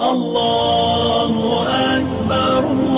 الله أكبر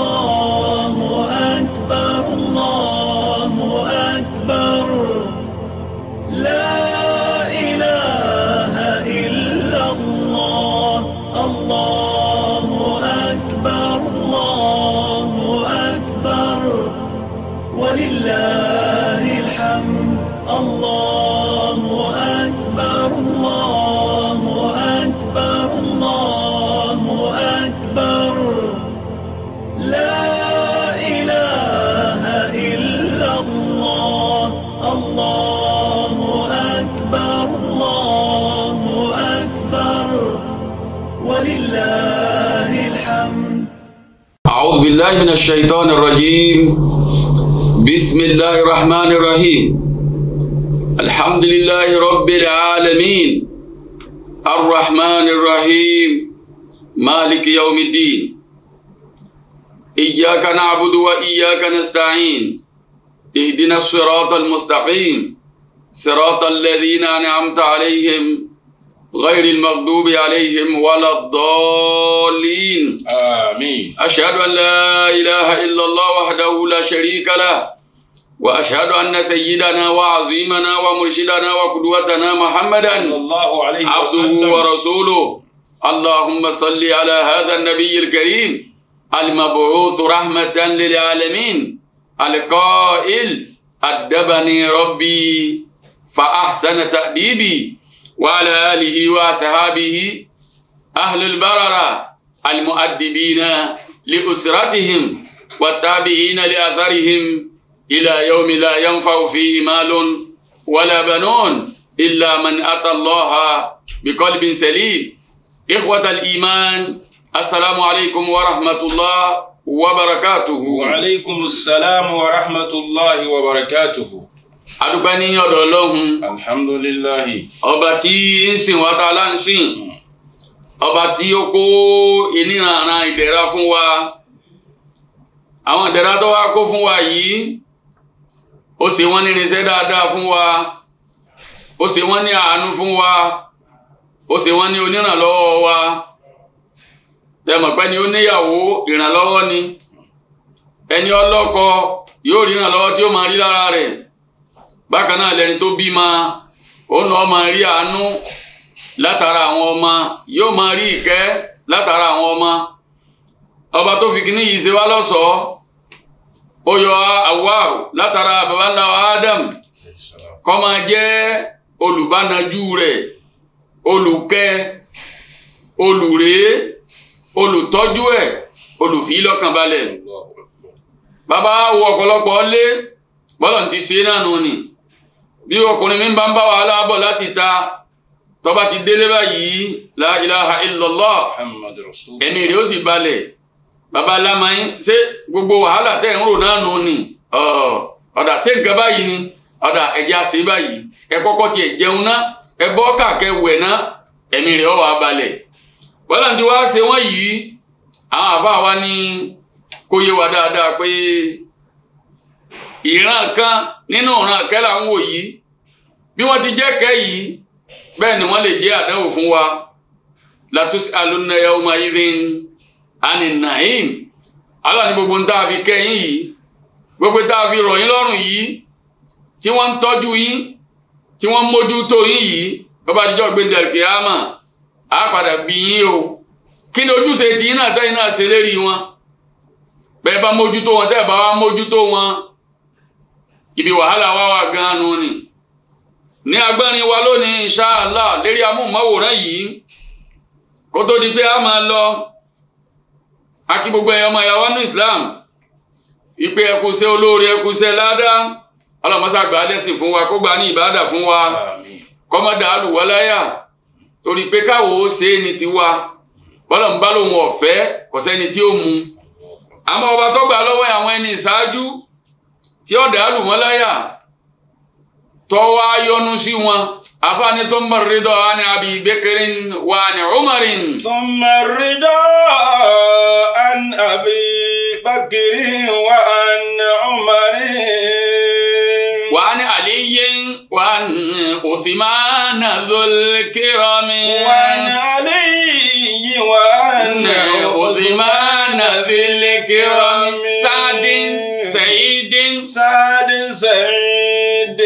من الشيطان الرجيم بسم الله الرحمن الرحيم الحمد لله رب العالمين الرحمن الرحيم مالك يوم الدين إياك نعبد وإياك نستعين اهدنا الصراط المستقيم صراط الذين أنعمت عليهم غير المغضوب عليهم ولا الضالين آمين أشهد أن لا إله إلا الله وحده لا شريك له وأشهد أن سيدنا وعظيمنا ومرشدنا وقدوتنا محمدا الله عليه عبده ورسوله اللهم صل على هذا النبي الكريم المبعوث رحمة للعالمين القائل أدبني ربي فأحسن تأديبي وعلى آله وصحابه أهل البررة المؤدبين لأسرتهم والتابعين لأثرهم إلى يوم لا ينفع فيه مال ولا بنون إلا من أتى الله بقلب سليم إخوة الإيمان السلام عليكم ورحمة الله وبركاته وعليكم السلام ورحمة الله وبركاته adúpẹ́ ní ọ̀dọ̀ ọlọ́hun. alhamdulilayi. ọba tí ń sìn wá tá a lá ń sìn hmm. ọba tí ó kó ìníranran ìdẹ̀ra fún wa àwọn ìdẹ̀ra tó wá kó fún wa yìí ó ṣe wọ́n ní irinṣẹ́ dáadáa fún wa ó ṣe wọ́n ní àánú fún wa ó ṣe wọ́n ní onírànlọ́wọ́ wa tẹmọ̀pẹ́ ni ó níyàwó ìrànlọ́wọ́ ni ẹni ọlọ́kọ yóò rí ìrànlọ́wọ́ tí ó máa rí lára rẹ̀ bákan náà lẹni tó bímọ òun náà máa rí àánú látara àwọn ọmọ yóò máa rí ìkẹ́ látara àwọn ọmọ ọba tó fi kíní yìí ṣe wá lọ́sọ̀ọ́ ó yọ Awwaw látara baba ńlá Adam kó máa jẹ́ olùbánajú rẹ̀ olùkẹ́ olùrèé olùtọ́jú ẹ̀ olùfi lọ́kànbalẹ̀ bàbá wo ọ̀pọ̀lọpọ̀ lé bọ́lọ̀ ti ṣe náà nù ni. bí ọkùnrin mi bá ń bá wàhálà bọ̀ láti ta tọba ti délé báyìí la ilaha illallah ẹ̀mí rẹ̀ ó sì balẹ̀ bàbá alámayín ṣé gbogbo wàhálà tẹ ń rò náà nù ni ọ̀dà ṣé nǹkan báyìí ni ọ̀dà ẹ̀jẹ̀ àṣẹ báyìí ẹ jẹun ná ẹ ná wa ni kó yé ìran kan nínú ìran kẹlà ń wò yìí bí wọ́n ti jẹ́ kẹ́ yìí bẹ́ẹ̀ ni wọ́n lè jẹ́ àdánwò fún wa latus aluna yawma idhin ani naim Allah ní gbogbo ń tá a fi kẹ́yìn yìí gbogbo tá a fi rọ̀ yín lọ́rùn yìí tí wọ́n ń tọ́jú yín tí wọ́n ń mójútó yín yìí bàbá àdìjọ́ gbẹ̀ndẹ̀ kìámà á padà bí yín o kí ni ojúṣe tiyín náà tẹ́yìn náà ṣe lérí wọn bẹ́ẹ̀ bá mójútó wọn tẹ́ẹ̀ bá wá mójútó wọn ibi wàhálà wa wà gan-an ni ní agbẹ́rin wa lónìí inṣáàlá lérí amóhùnmáwòrán yìí kó tó di pé a máa lọ àti gbogbo ẹ̀yọ́ ọmọ ìyàwó ní Islam ìpè ẹkùsẹ́ olóore ẹkùsẹ́ ládàá ọlọ́mọsá gbà á lẹ́sìn fún wa kó gbà ní ìbáàdà fún wa kọ́mọ́dà alùwọ́láyà torí pé káwo ó ṣe é ní tiwa bọ́lọ̀ ń bá lòun ọ̀fẹ́ kọ̀sẹ́ni tí ó mu àmọ́ ọba tó gbà lọ́wọ́ àwọn ẹni ìṣáájú tí ọ̀dà lù wọ́n láyà tọ́wọ́ ayọ́nu sí wọn afaani sọmọ ridọ ani abi bekirin wa ani umarin. sọmọ ridọ ani abi bekirin wa ani umarin. wa ani aliyin wa ani usimana zolkirami. wa ani aliyin wa ani usimana zolkirami. سعيد سعد سعيد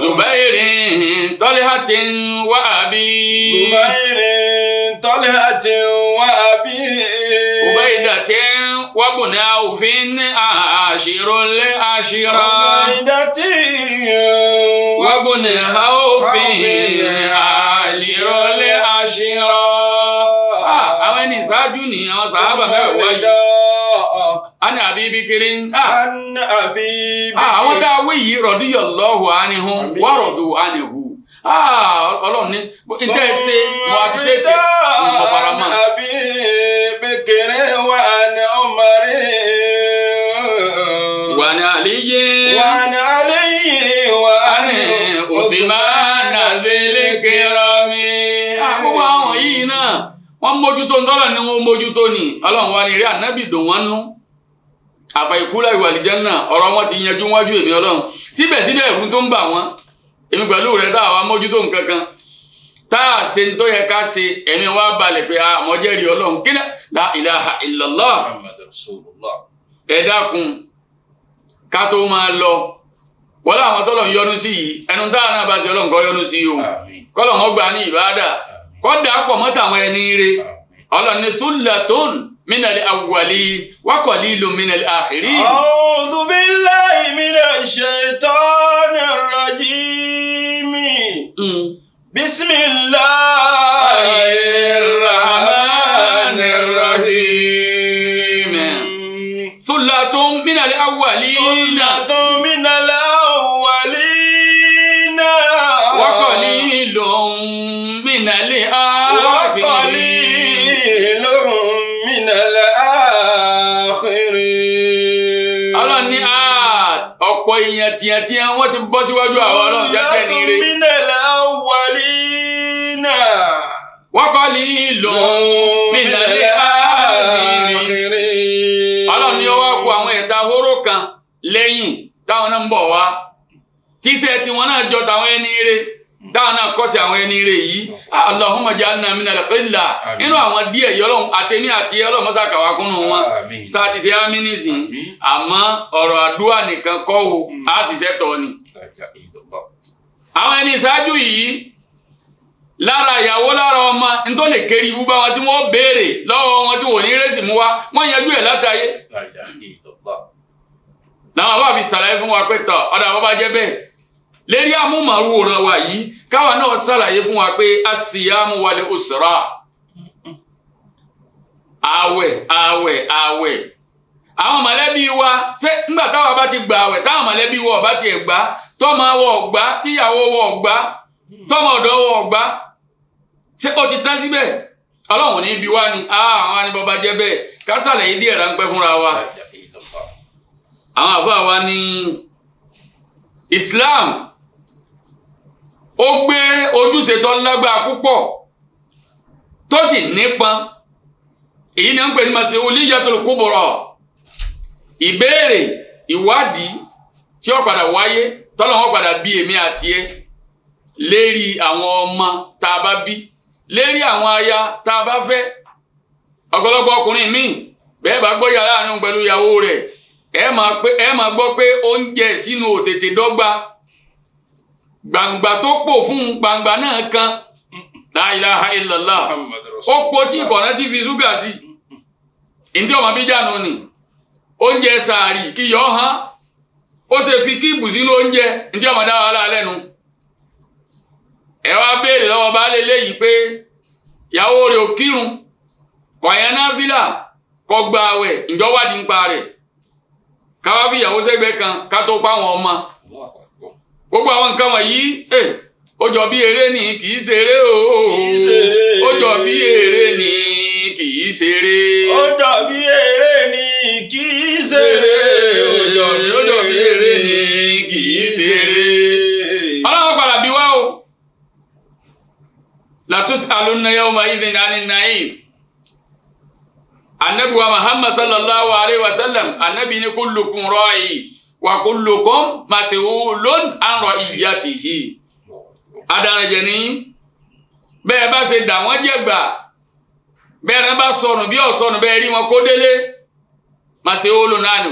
زبير طلحة وأبي زبير طلحة وأبي عبيدة وابن عوف عاشر لعاشرة عبيدة وابن عوف عاشر لعاشرة àwọn ẹni ìṣáájú ni àwọn sàhábà mẹ́wàá yìí ani àbí ibi kiri ń. Ah. ani àbí ibi ah, kiri. àwọn tá a wí yìí rọ̀díyọ̀ lọ́hùn ánihun wọ́rọ̀dù ánihun ah, ọlọ́run ní ìtẹ́ ẹ ṣe mo àbíṣètè mo fara mọ́. àbí bèkèrè wà ní wà ní àlíyé. wà ní àlíyé wà ní òsínmáàdà bèlèkèrè mi. àkókò àwọn yìí náà wọ́n mójútó ńlọ́rọ̀ ni wọ́n mójútó ni ọlọ́run wa ni eré ànábì dùn wọ́n nú àfàìkúlà ìwà àlìjánà ọ̀rọ̀ wọn ti yanjú wájú èmi ọlọ́run síbẹ̀síbẹ̀ ẹ̀rù tó ń bà wọ́n èmi pẹ̀lú rẹ tá àwa mójútó nǹkan kan tá a ṣe ń tó yẹ ká ṣe ẹ̀mí wa balẹ̀ pé àmọ́ ọlọ́run kí la ilaha illallah ẹ dákun ká tó máa lọ wọ́lá àwọn tọ́lọ̀ ń yọnu sí yìí ẹnu tá a náà bá ṣe ọlọ́run kọ́ yọnu sí yìí o kọ́lọ̀ wọn gbà ní ìbáàdà kọ́ dà pọ̀ mọ́tàwọn من الأولين وقليل من الآخرين أعوذ بالله من الشيطان الرجيم بسم الله الرحمن الرحيم tìyàn tìyàn tìyàn wọ́n ti bọ́ síwájú àwọn ọlọ́run jáde ní ire. mílẹ̀lá wàlí náà. wọ́n kọ́ ní ìlò mílẹ̀lá àdìrí. ọlọ́run ni ó wá kó àwọn ẹ̀ta hóró kan lẹ́yìn táwọn náà ń bọ̀ wá tíṣẹ́ tiwọn náà jọ tàwọn ẹni ire dáhùnà kọ́sí àwọn ẹni rẹ̀ yìí Allahumma ja'alna minal qilla nínú àwọn díẹ̀ yọlọ́hún àtẹ̀mí àti ọlọ́run mọ́sá kàwákúnnù wọn tá a ti ṣe ámì nísìn àmọ́ ọ̀rọ̀ àdúrà nìkan kọ́ o á hmm. sì sẹ́tọ̀ ni. àwọn ẹni ìṣáájú yìí lára ìyàwó lára ọmọ nítorí lè kéré ibú bá wọn tí wọn béèrè lọ́wọ́ wọn tí wọn ò ní rẹ́sì mú wa wọn yanjú ẹ̀ látàyé. làwọn bá fi ṣàlàyé fún wa pé tọ ọ̀dà bàbá jẹ́ bẹ́ẹ̀ lérí àmúmọ̀rú òràn wa yìí káwa náà ṣàlàyé fún wa pé asiyamu wal usra àwẹ̀ àwẹ̀ àwẹ̀ àwọn mọ̀lẹ́bí wa ṣé ńgbà táwa bá ti gbà àwẹ̀ táwọn mọ̀lẹ́bí wa ọ̀bá ti ẹ̀ gbà tọ́mọ wa ọ̀gbá tíyàwó wa ọ̀gbá tọ́mọ ọ̀dọ́ wa ọ̀gbá ṣé ó ti tán síbẹ̀ ọlọ́run ní ibi wá ni ah, àwọn anibọba jẹ́ bẹ́ẹ̀ ká ṣàlàyé díẹ̀ ráńpẹ́ fúnra wa àwọn àfáà wa ní Islam ó gbé ojúṣe tó lágbára púpọ̀ tó sì nípọn èyí ni ń pè ní màsí olíyàtò kúbọrọ ìbéèrè ìwádìí tí ó padà wáyé tọ́lọ́wọ́ padà bí èmi àti ẹ lérí àwọn ọmọ tá a bá bí lérí aya tá a bá fẹ́ ọ̀pọ̀lọpọ̀ ọkùnrin míì bẹ́ẹ̀ bá gbọ́ yàrá àárín pẹ̀lú ìyàwó rẹ̀ ẹ máa gbọ́ pé oúnjẹ sínú òtètè gbangba tó pò fún gbangba náà kan la ilaha illallah ó pò tí ìkọ̀nà ti fi ṣúgà sí ǹdí ọmọ bíjà nù ni oúnjẹ sàárì kí yọ hàn ó ṣe fi kíìpù sínú oúnjẹ ǹdí ọmọ dá wàhálà lẹ́nu ẹ wá béèrè lọ́wọ́ baálé léyìí pé ìyàwó rẹ̀ ò kírun kọ̀yẹn náà fílà kọ gba àwẹ̀ ìjọwádìí ń pa rẹ̀ káwá fìyàwó sẹ́gbẹ́ kan ká tó pa àwọn ọmọ. gbogbo àwọn nǹkan wọ̀nyí eh, ó jọ bí eré ni kì í ṣeré o ó jọ bí eré ni kì í ṣeré. ó jọ bí eré ni kì í ṣeré ó jọ bí eré ni kì í ṣeré. ọlọ́wọ́ padà bí wá o latus alunaya ọmọ ìdìn ní nàìm anabiwa muhammad sallallahu alayhi wa sallam anabi ni kullukum ra'i wa kullukum mas'ulun an ra'iyatihi adarajẹ ní bẹ́ẹ̀ bá ṣe dà wọ́n jẹ̀gbà bẹ́ẹ̀ rẹ bá sọnù bí ọ̀sọnù bẹ́ẹ̀ rí wọn kó délé mas'ulun nánú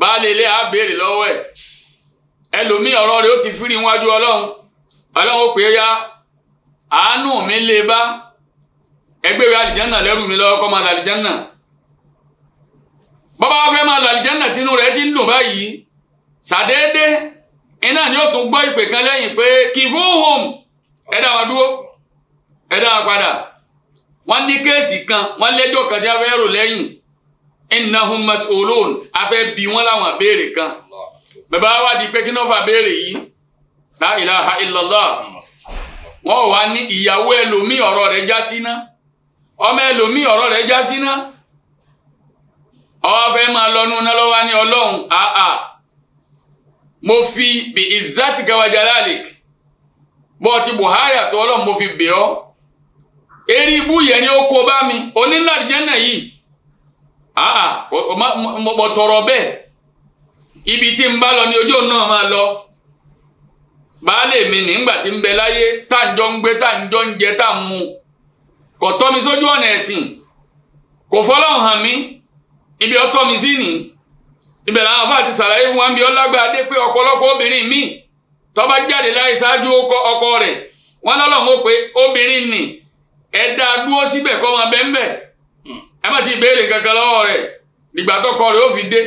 baálé ilé á béèrè lọ́wọ́ ẹ̀ ẹlòmíì ọ̀rọ̀ rẹ̀ ó ti fírí wájú ọlọ́run ọlọ́run ó pè é àánú mi lè bá ẹgbẹ́ rẹ̀ àlìjánà lẹ́rù mi lọ́wọ́ kọ́ máa làlìjánà bọ́bá fẹ́ máa làlìjánà tínú rẹ̀ ti ń dùn báyìí sàdédé iná ni ó tún gbọ́ ìpè kan lẹ́yìn pé kìfúhùn ẹ̀dá wa dúró ẹ̀dá wa padà wọ́n ní kéèsì kan wọ́n lẹ́jọ́ kan tí a fẹ́ rò lẹ́yìn innahum mas'ulun a fẹ́ bi wọn láwọn béèrè kan bàbá wa di pé kí náà fà béèrè yìí la ilaha illallah wọ́n wá ní ìyàwó ẹlòmíì ọrọ rẹ̀ já síná ọmọ ẹlòmíì ọ̀rọ̀ rẹ̀ já síná ọwọ́ fẹ́ máa lọ́nu náà lọ́wọ́ ní àà mo fi bí ìzátì gawajalalik bọ́ ti buhari àtọ́lọ́ mo fi bẹ̀ ọ́ eré ibú yẹn ni ó kó bá mi onílàdìjẹ́nà yìí àà mo tọrọ bẹ́ẹ̀ ibi tí ń bá lọ ni ojú náà máa lọ baálé mi nígbà tí ń bẹ láyé tá à ń jọ ń gbé tá à ń jọ ń jẹ tá à ń mu kò tọ́ mi sójú ọ̀nà ẹ̀sìn kò fọlọ́hàn mi ibi ọtọ́ mi sí nìyí ibẹ̀ làwọn afa ti ṣàlàyé fún wa ń bí ọlágbára dé pé ọ̀pọ̀lọpọ̀ obìnrin mi tọ́ba jáde láì ṣáájú ọkọ rẹ̀ wọ́n lọ́lọ́run ó pé obìnrin nì ẹ dá a dúró síbẹ̀ kọ́ máa bẹ́ẹ̀ bẹ́ẹ̀ hmm. ẹ má ti béèrè kankan lọ́wọ́ rẹ̀ nígbà tọkọ rẹ̀ ó fi dé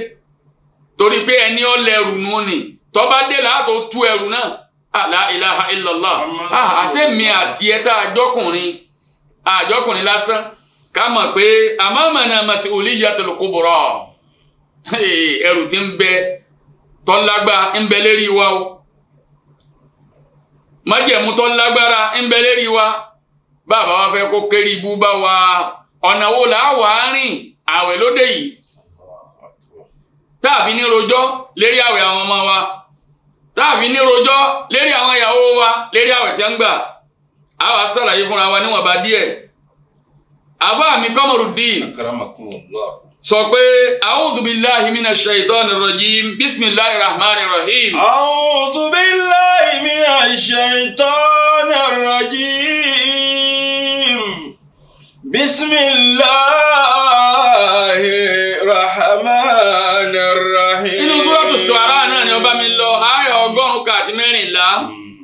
torí pé ẹni ọ lẹrù nù ni tọ́ba dé láàtò tú ẹrù náà àlá ah, ilaha illallah ah, àṣẹ mi àti ẹ tá àjọkùnrin àjọkùnrin lásán ká mọ̀ pé àmọ́ mọ̀nà màsí òlíyàtọ̀ kubra ẹrù tí ń bẹ tọ́lágbá ń bẹ lérí wa o májẹ̀mú tọ́lágbára ń bẹ lérí wa bàbá wa fẹ́ kó kéré ibú bá wa ọ̀nà wo là á wà á rìn àwẹ̀ lóde yìí táàfin ní rojọ́ lérí àwẹ̀ àwọn ọmọ wa táàfin ní rojọ́ lérí àwọn ìyàwó wa lérí àwẹ̀ tí wọ́n ń gbà á wàá ṣàlàyé fúnra wa níwọ̀nba díẹ̀ àfáà mi Kamaruddin. akaramakumullah sọ pé a'udhu billahi minash shaitani rajim bismillahir rahmanir rahim. a'udhu billahi minash shaitani rajim bismillahir rahmanir rahim. inú Suratu Shu'ara.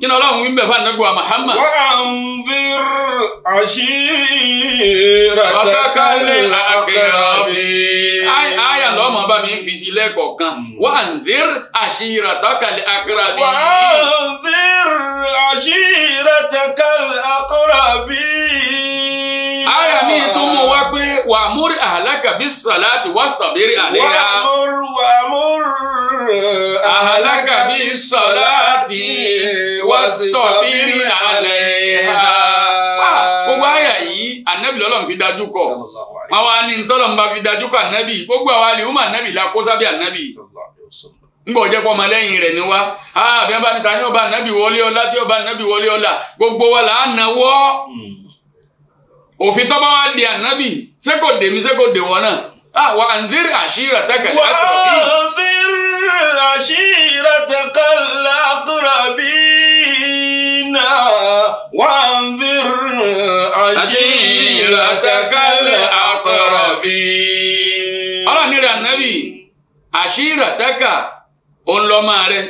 kí ni ọlọ́run wí ń bẹ̀ fún anagbọ́ Muhammad. wà á ń dir àṣírata ọ̀kákalẹ̀ àkẹ́rọ̀bì. àyà lọ́mọ bá mi fi sí lẹ́kọ̀ọ̀kan hmm. wà á ń dir àṣírata ọ̀kàlẹ̀ àkẹ́rọ̀bì. wà á ń dir àṣírata ọ̀kàlẹ̀ àkẹ́rọ̀bì pé wà á múrí àhàlákàbí sàláàtì wà sàbírí àléyà. wà á múrú wà á múrú àhàlákàbí sàláàtì wà sàbírí àléyà. Ah, gbogbo àyà yìí ànábì lọ́lọ́run fi dájú kọ àwọn àni ntọ́lọ́run bá fi dájú kọ ànábì gbogbo àwọn àlìhùmọ̀ ànábì la kó sábẹ́ ànábì ngbọ jẹ kọ ọmọlẹ́yìn rẹ̀ ni wa abẹ ah, bá níta ọba ànábì wọlé ọlá tí ọba ànábì wọlé ọlá gbogbo wa là á nawọ́. Mm òfin tọ́ba wa di ànábì ṣé kò dèmi ṣé kò dèwọ́ náà ah wa anzir ashirataka al-aqrabin. wa anzir ashirataka al-aqrabin wa anzir ashirataka al-aqrabin. ọ̀rọ̀ nílẹ̀ ànábì ashirataka ònlọ́mọ rẹ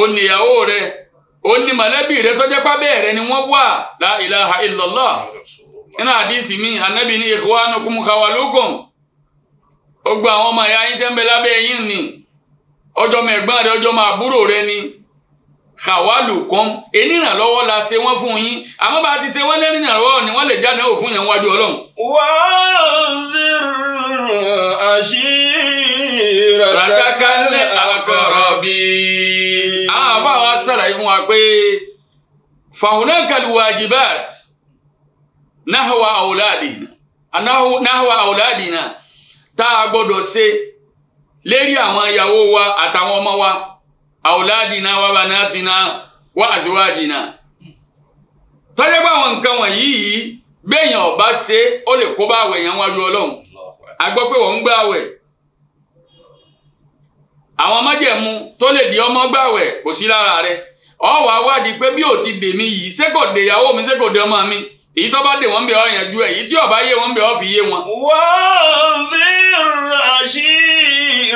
oníyàwó rẹ onímọ̀lẹ́bí rẹ tọ́jẹ́pá bẹ́ẹ̀ rẹ ni wọ́n wà la ilaha nínú àdísì mi ànábì ní ikhwanukum khawalukum ó gba àwọn ọmọ ẹ̀yà yín tẹ́ ń bẹ ni ọjọ́ ọmọ ẹ̀gbọ́n rẹ ọjọ́ ọmọ àbúrò ni khawalukum enírànlọ́wọ́ la ṣe wọ́n fún yín àmọ́ bá a ti ṣe wọ́n lẹ́rìnàlọ́wọ́ ni wọ́n lè jáde náà fún yẹn wájú ọlọ́run. wanzir ashiratakal aqrabin. àwọn àbá wa sàlàyé fún wa pé fahunakal wajibat. nahwa auladina nahwa auladina tá a gbọ́dọ̀ si lérí àwọn ìyàwó wa àtàwọn ọmọ wa auladina wa banatina wa azwajina tọ́jẹ́ pé àwọn nǹkan wọ̀nyí yìí gbẹ̀yàn ọ̀bá ṣe ó lè kó bá àwẹ̀ wájú ọlọ́run a gbọ́ pé wọ́n ń ọmọ àwẹ̀ kò sí lára rẹ̀ wá wádìí pé bí ti yìí ṣé kò mi ṣé ọmọ mi. èyí tó bá dé wọn bẹ ọ yanjú ẹ èyí tí ọba yé wọn bẹ ọ fi yé wọn. wọ́n fi ràṣí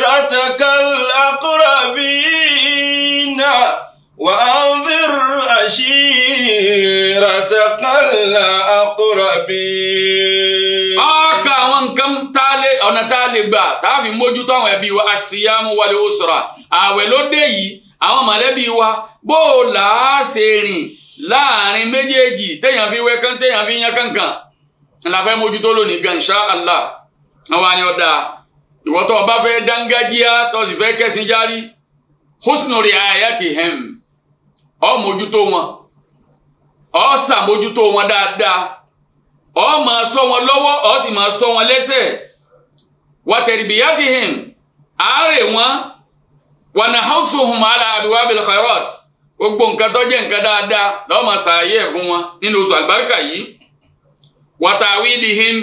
ràtàkàlà kúrò bí iná wọ́n fi ràṣí ràtàkàlà kúrò bí. ọkà àwọn nǹkan ọ̀nà tá a lè gbà tá a fi mójútó àwọn ẹbí wa àṣìyàmú wàlẹ̀ ló dé yìí àwọn mọ̀lẹ́bí wa bó o là á ṣe rìn láàrin méjèèjì téèyàn fi wẹ́ kán téèyàn fi yan kankan la fẹ́ mójútó lónìí gan insha Allah àwa ni ọ̀dà ìwọ́tọ̀ ọba fẹ́ dángájíá tó sì fẹ́ kẹ́sìn járí husnu riayatihim ó mójútó wọn ó ṣàmójútó wọn dáadáa ó máa ṣọ́ wọn lọ́wọ́ ó sì máa ṣọ́ wọn lẹ́sẹ̀ wa tarbiyatihim àárẹ̀ wọn wa nahsuhum ala abwabil khairat gbogbo nǹkan tó jẹ́ nǹkan dáadáa lọ́wọ́ máa ṣàlàyé ẹ̀ fún wọn nínú oṣù àlùbáríkà yìí wàtàwí di hin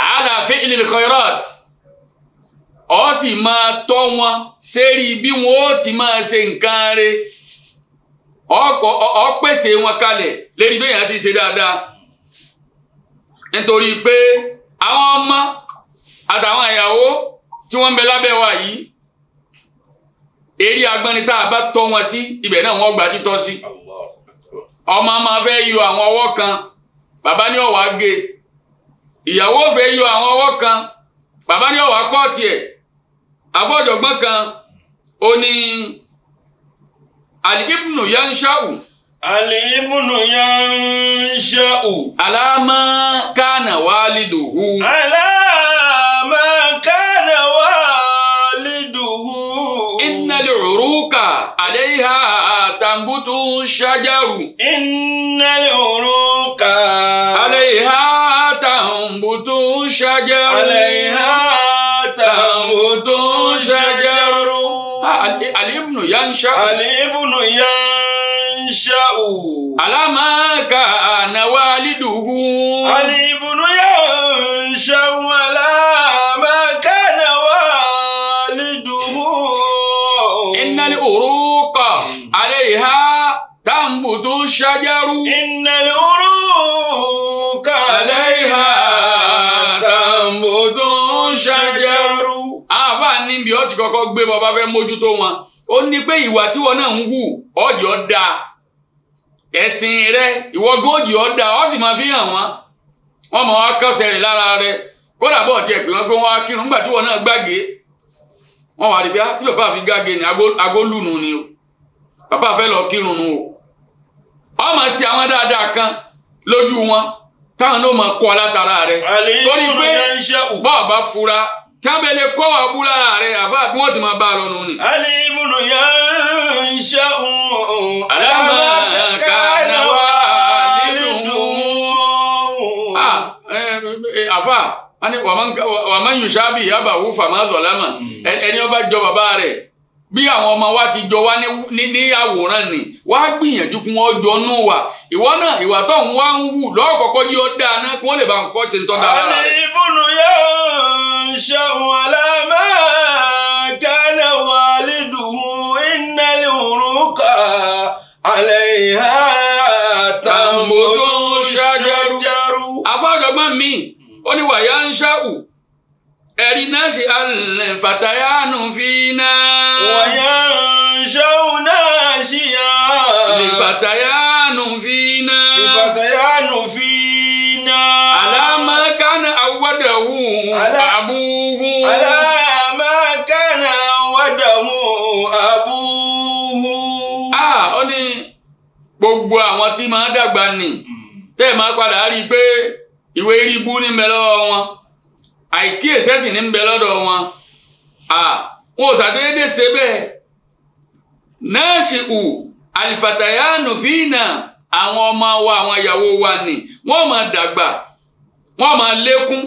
àhálà fi'lil khairat ọ sì máa tọ́ wọn sérí bí wọn ó ti máa ṣe nǹkan re ọ pèsè wọn kalẹ̀ lérí bẹ́ẹ̀ yẹn ti ṣe dáadáa nítorí pé àwọn ọmọ àtàwọn ìyàwó tí wọ́n ń bẹ lábẹ́ wa yìí eré agbọ́nni ta a bá tọ́ wọn sí ibẹ̀ náà wọ́n gba títọ́ sí ọmọ máa fẹ́ yọ àwọn ọwọ́ kan bàbá ní ọ̀wá gé ìyàwó fẹ́ yọ àwọn ọwọ́ kan bàbá ní ọ̀wá kọ́ọ̀tì ẹ̀ afọ́jọ̀gbọ́n kan ó ní alìbùnú yanṣáù. alìbùnú yanṣáù. alámọ́ kánà wálìdùhù. alámọ́. عليها تنبت الشجر إن العروق عليها تنبت الشجر عليها تنبت الشجر علي بن ينشأ علي بن ينشأ على ما كان والده علي بن ينشأ ولا ما كان والده إن الأروق الشقوق عليها تنبت الشجر إن الأروق عليها تنبت الشجر àfáà níbi ó ti kọ́kọ́ gbé bọ́ bá fẹ́ mójútó wọn ó ní pé ìwà tí wọn náà ń hù ọjọ́ da ẹ̀sìn rẹ ìwọ́gójì ọ̀dà ó sì máa fi hàn wọ́n wọ́n mọ̀ wá kọ́sẹ̀ rẹ̀ lára rẹ kódà bọ̀ tiẹ̀ pé wọ́n pé wọ́n á nígbà tí wọn náà gbàgé wọ́n wà rí bí i ah, tí bàbá àfi gàgé ni agolúnu ni o bàbá fẹ́ lọ kírun o ọmọ sí àwọn dáadáa kan lójú wọn táwọn náà máa kọ́ látara rẹ̀ torí pé bọ́ọ̀bá fura tábẹ̀lẹ̀ kọ́ wa bú àfa bí wọ́n ti máa bá a lọ́nu ni. ali ibùdó yà ń ṣe òun. alámà kàná wà nínú. àfa wàmán yusabi yabawu fama zọlámà ẹni ọba jọ bàbá rẹ̀ bí àwọn ọmọ wa ti jọ wá ní àwòrán ni wá gbìyànjú kí wọ́n jọ nù wà ìwọ náà ìwà tó ń wá ń wù lọ́kọ̀ọ́kọ́ yí ó dáa náà kí wọ́n lè bá nǹkan ṣe ń tọ́ dára àní ìbùnú yóò ń ṣàwọn aláàmọ́ kánà wàlídùú ìnáli òrùka àlẹ́ ìhà tàǹbù tó ń ṣàjẹrù. àfọ̀dọ̀gbọ́n mi ó ní wàyà ń ṣàwù ẹ̀rí náà ṣe alẹ̀ fàtàyánu fínà. wọ̀nyá ṣọ́hún náà ṣì yá. lè fàtàyánu fínà. lè fàtàyánu fínà. àlàmà kánà àwọ̀dàwù àbúhù. àlàmà kánà àwọ̀dàwù àbúhù. a ó ní gbogbo àwọn tí máa dàgbà nì hmm. tẹ́ ẹ̀ máa padà rí i pé ìwé rí ibú ní mẹ́lọ́wọ́ wọn àìkíyèsẹ́sì ní ń bẹ lọ́dọ̀ wọn wọn ò sàdédé ṣe bẹ́ẹ̀ nẹ́ẹ̀ṣìkù àlìfàtàyánù fínà àwọn ọmọ wa àwọn ìyàwó wa ni wọ́n máa dàgbà wọ́n máa lékún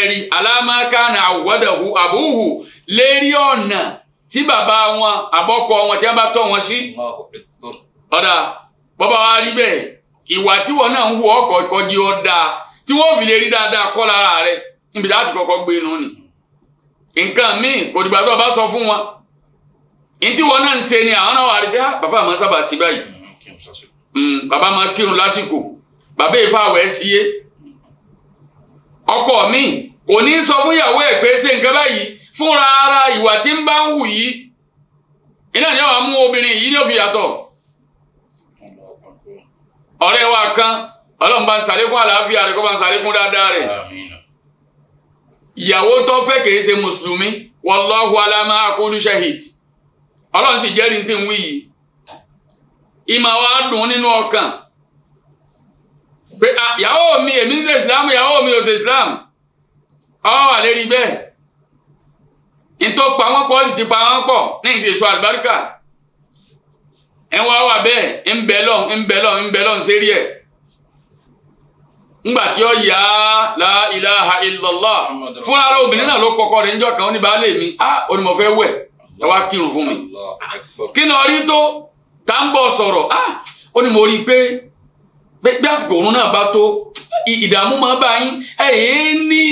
ẹ̀rí alámákàna àwòwọ́dàwù àbúhù lérí ọ̀nà tí bàbá wọn àbọ́kọ wọn tí wọ́n bá tọ́ wọn sí. ọ̀dà bọ́bá wa rí bẹ́ẹ̀ ìwà tí wọn náà ń hu ọkọ̀ ìkọjí ọ̀dà tí wọ́n fi lè rí dáadáa kọ́ lára rẹ̀ níbi láti kọ́kọ́ gbé inú ni nǹkan míì kò dìgbà tó o bá sọ fún wọn ntí wọn náà ń ṣe ni àwọn náà wà rí bí ah, bàbá àmọ́ sábà sí báyìí hmm, bàbá máa kírun lásìkò bàbá ìfàwọ̀ ẹ̀ síyé ọkọ mi kò ní sọ fún ìyàwó ẹ̀ pé ṣe nǹkan báyìí fúnra ara ìwà tí ń bá ń wù yìí iná ni àwọn mú obìnrin yìí ni ó fi yàtọ̀ ọ̀rẹ́ wa kan ọlọ́run bá ń ṣàlékún àlàáfíà rẹ̀ kó bá ń ṣàlékún dáadáa rẹ̀. ìyàwó tó fẹ́ kìí ṣe mùsùlùmí alama akulu shahid ọlọ́run sì jẹ́rìí tí ń wí yìí ìmọ̀ wa dùn nínú ọkàn pé ìyàwó mi èmi ń ṣe islam ìyàwó mi ò ṣe islam ọwọ́ wà lérí bẹ́ẹ̀ ìtò pa wọ́n pọ̀ sì ti pa wọ́n pọ̀ ní ìfèsò àlùbáríkà ẹ̀ ńgbà tí ó yá la ilaha illallah fúnra rẹ obìnrin náà ló pọkọ rẹ níjọ́ kan ó ní baálé mi á ó ní mo fẹ́ wẹ̀ ẹ wá kírun fún mi ah, kí ni ọrí tó tá ń bọ̀ sọ̀rọ̀ á ah, ó ní mo rí i pé bí àsìkò òun náà bá tó ìdààmú máa bá yín ẹ èé ní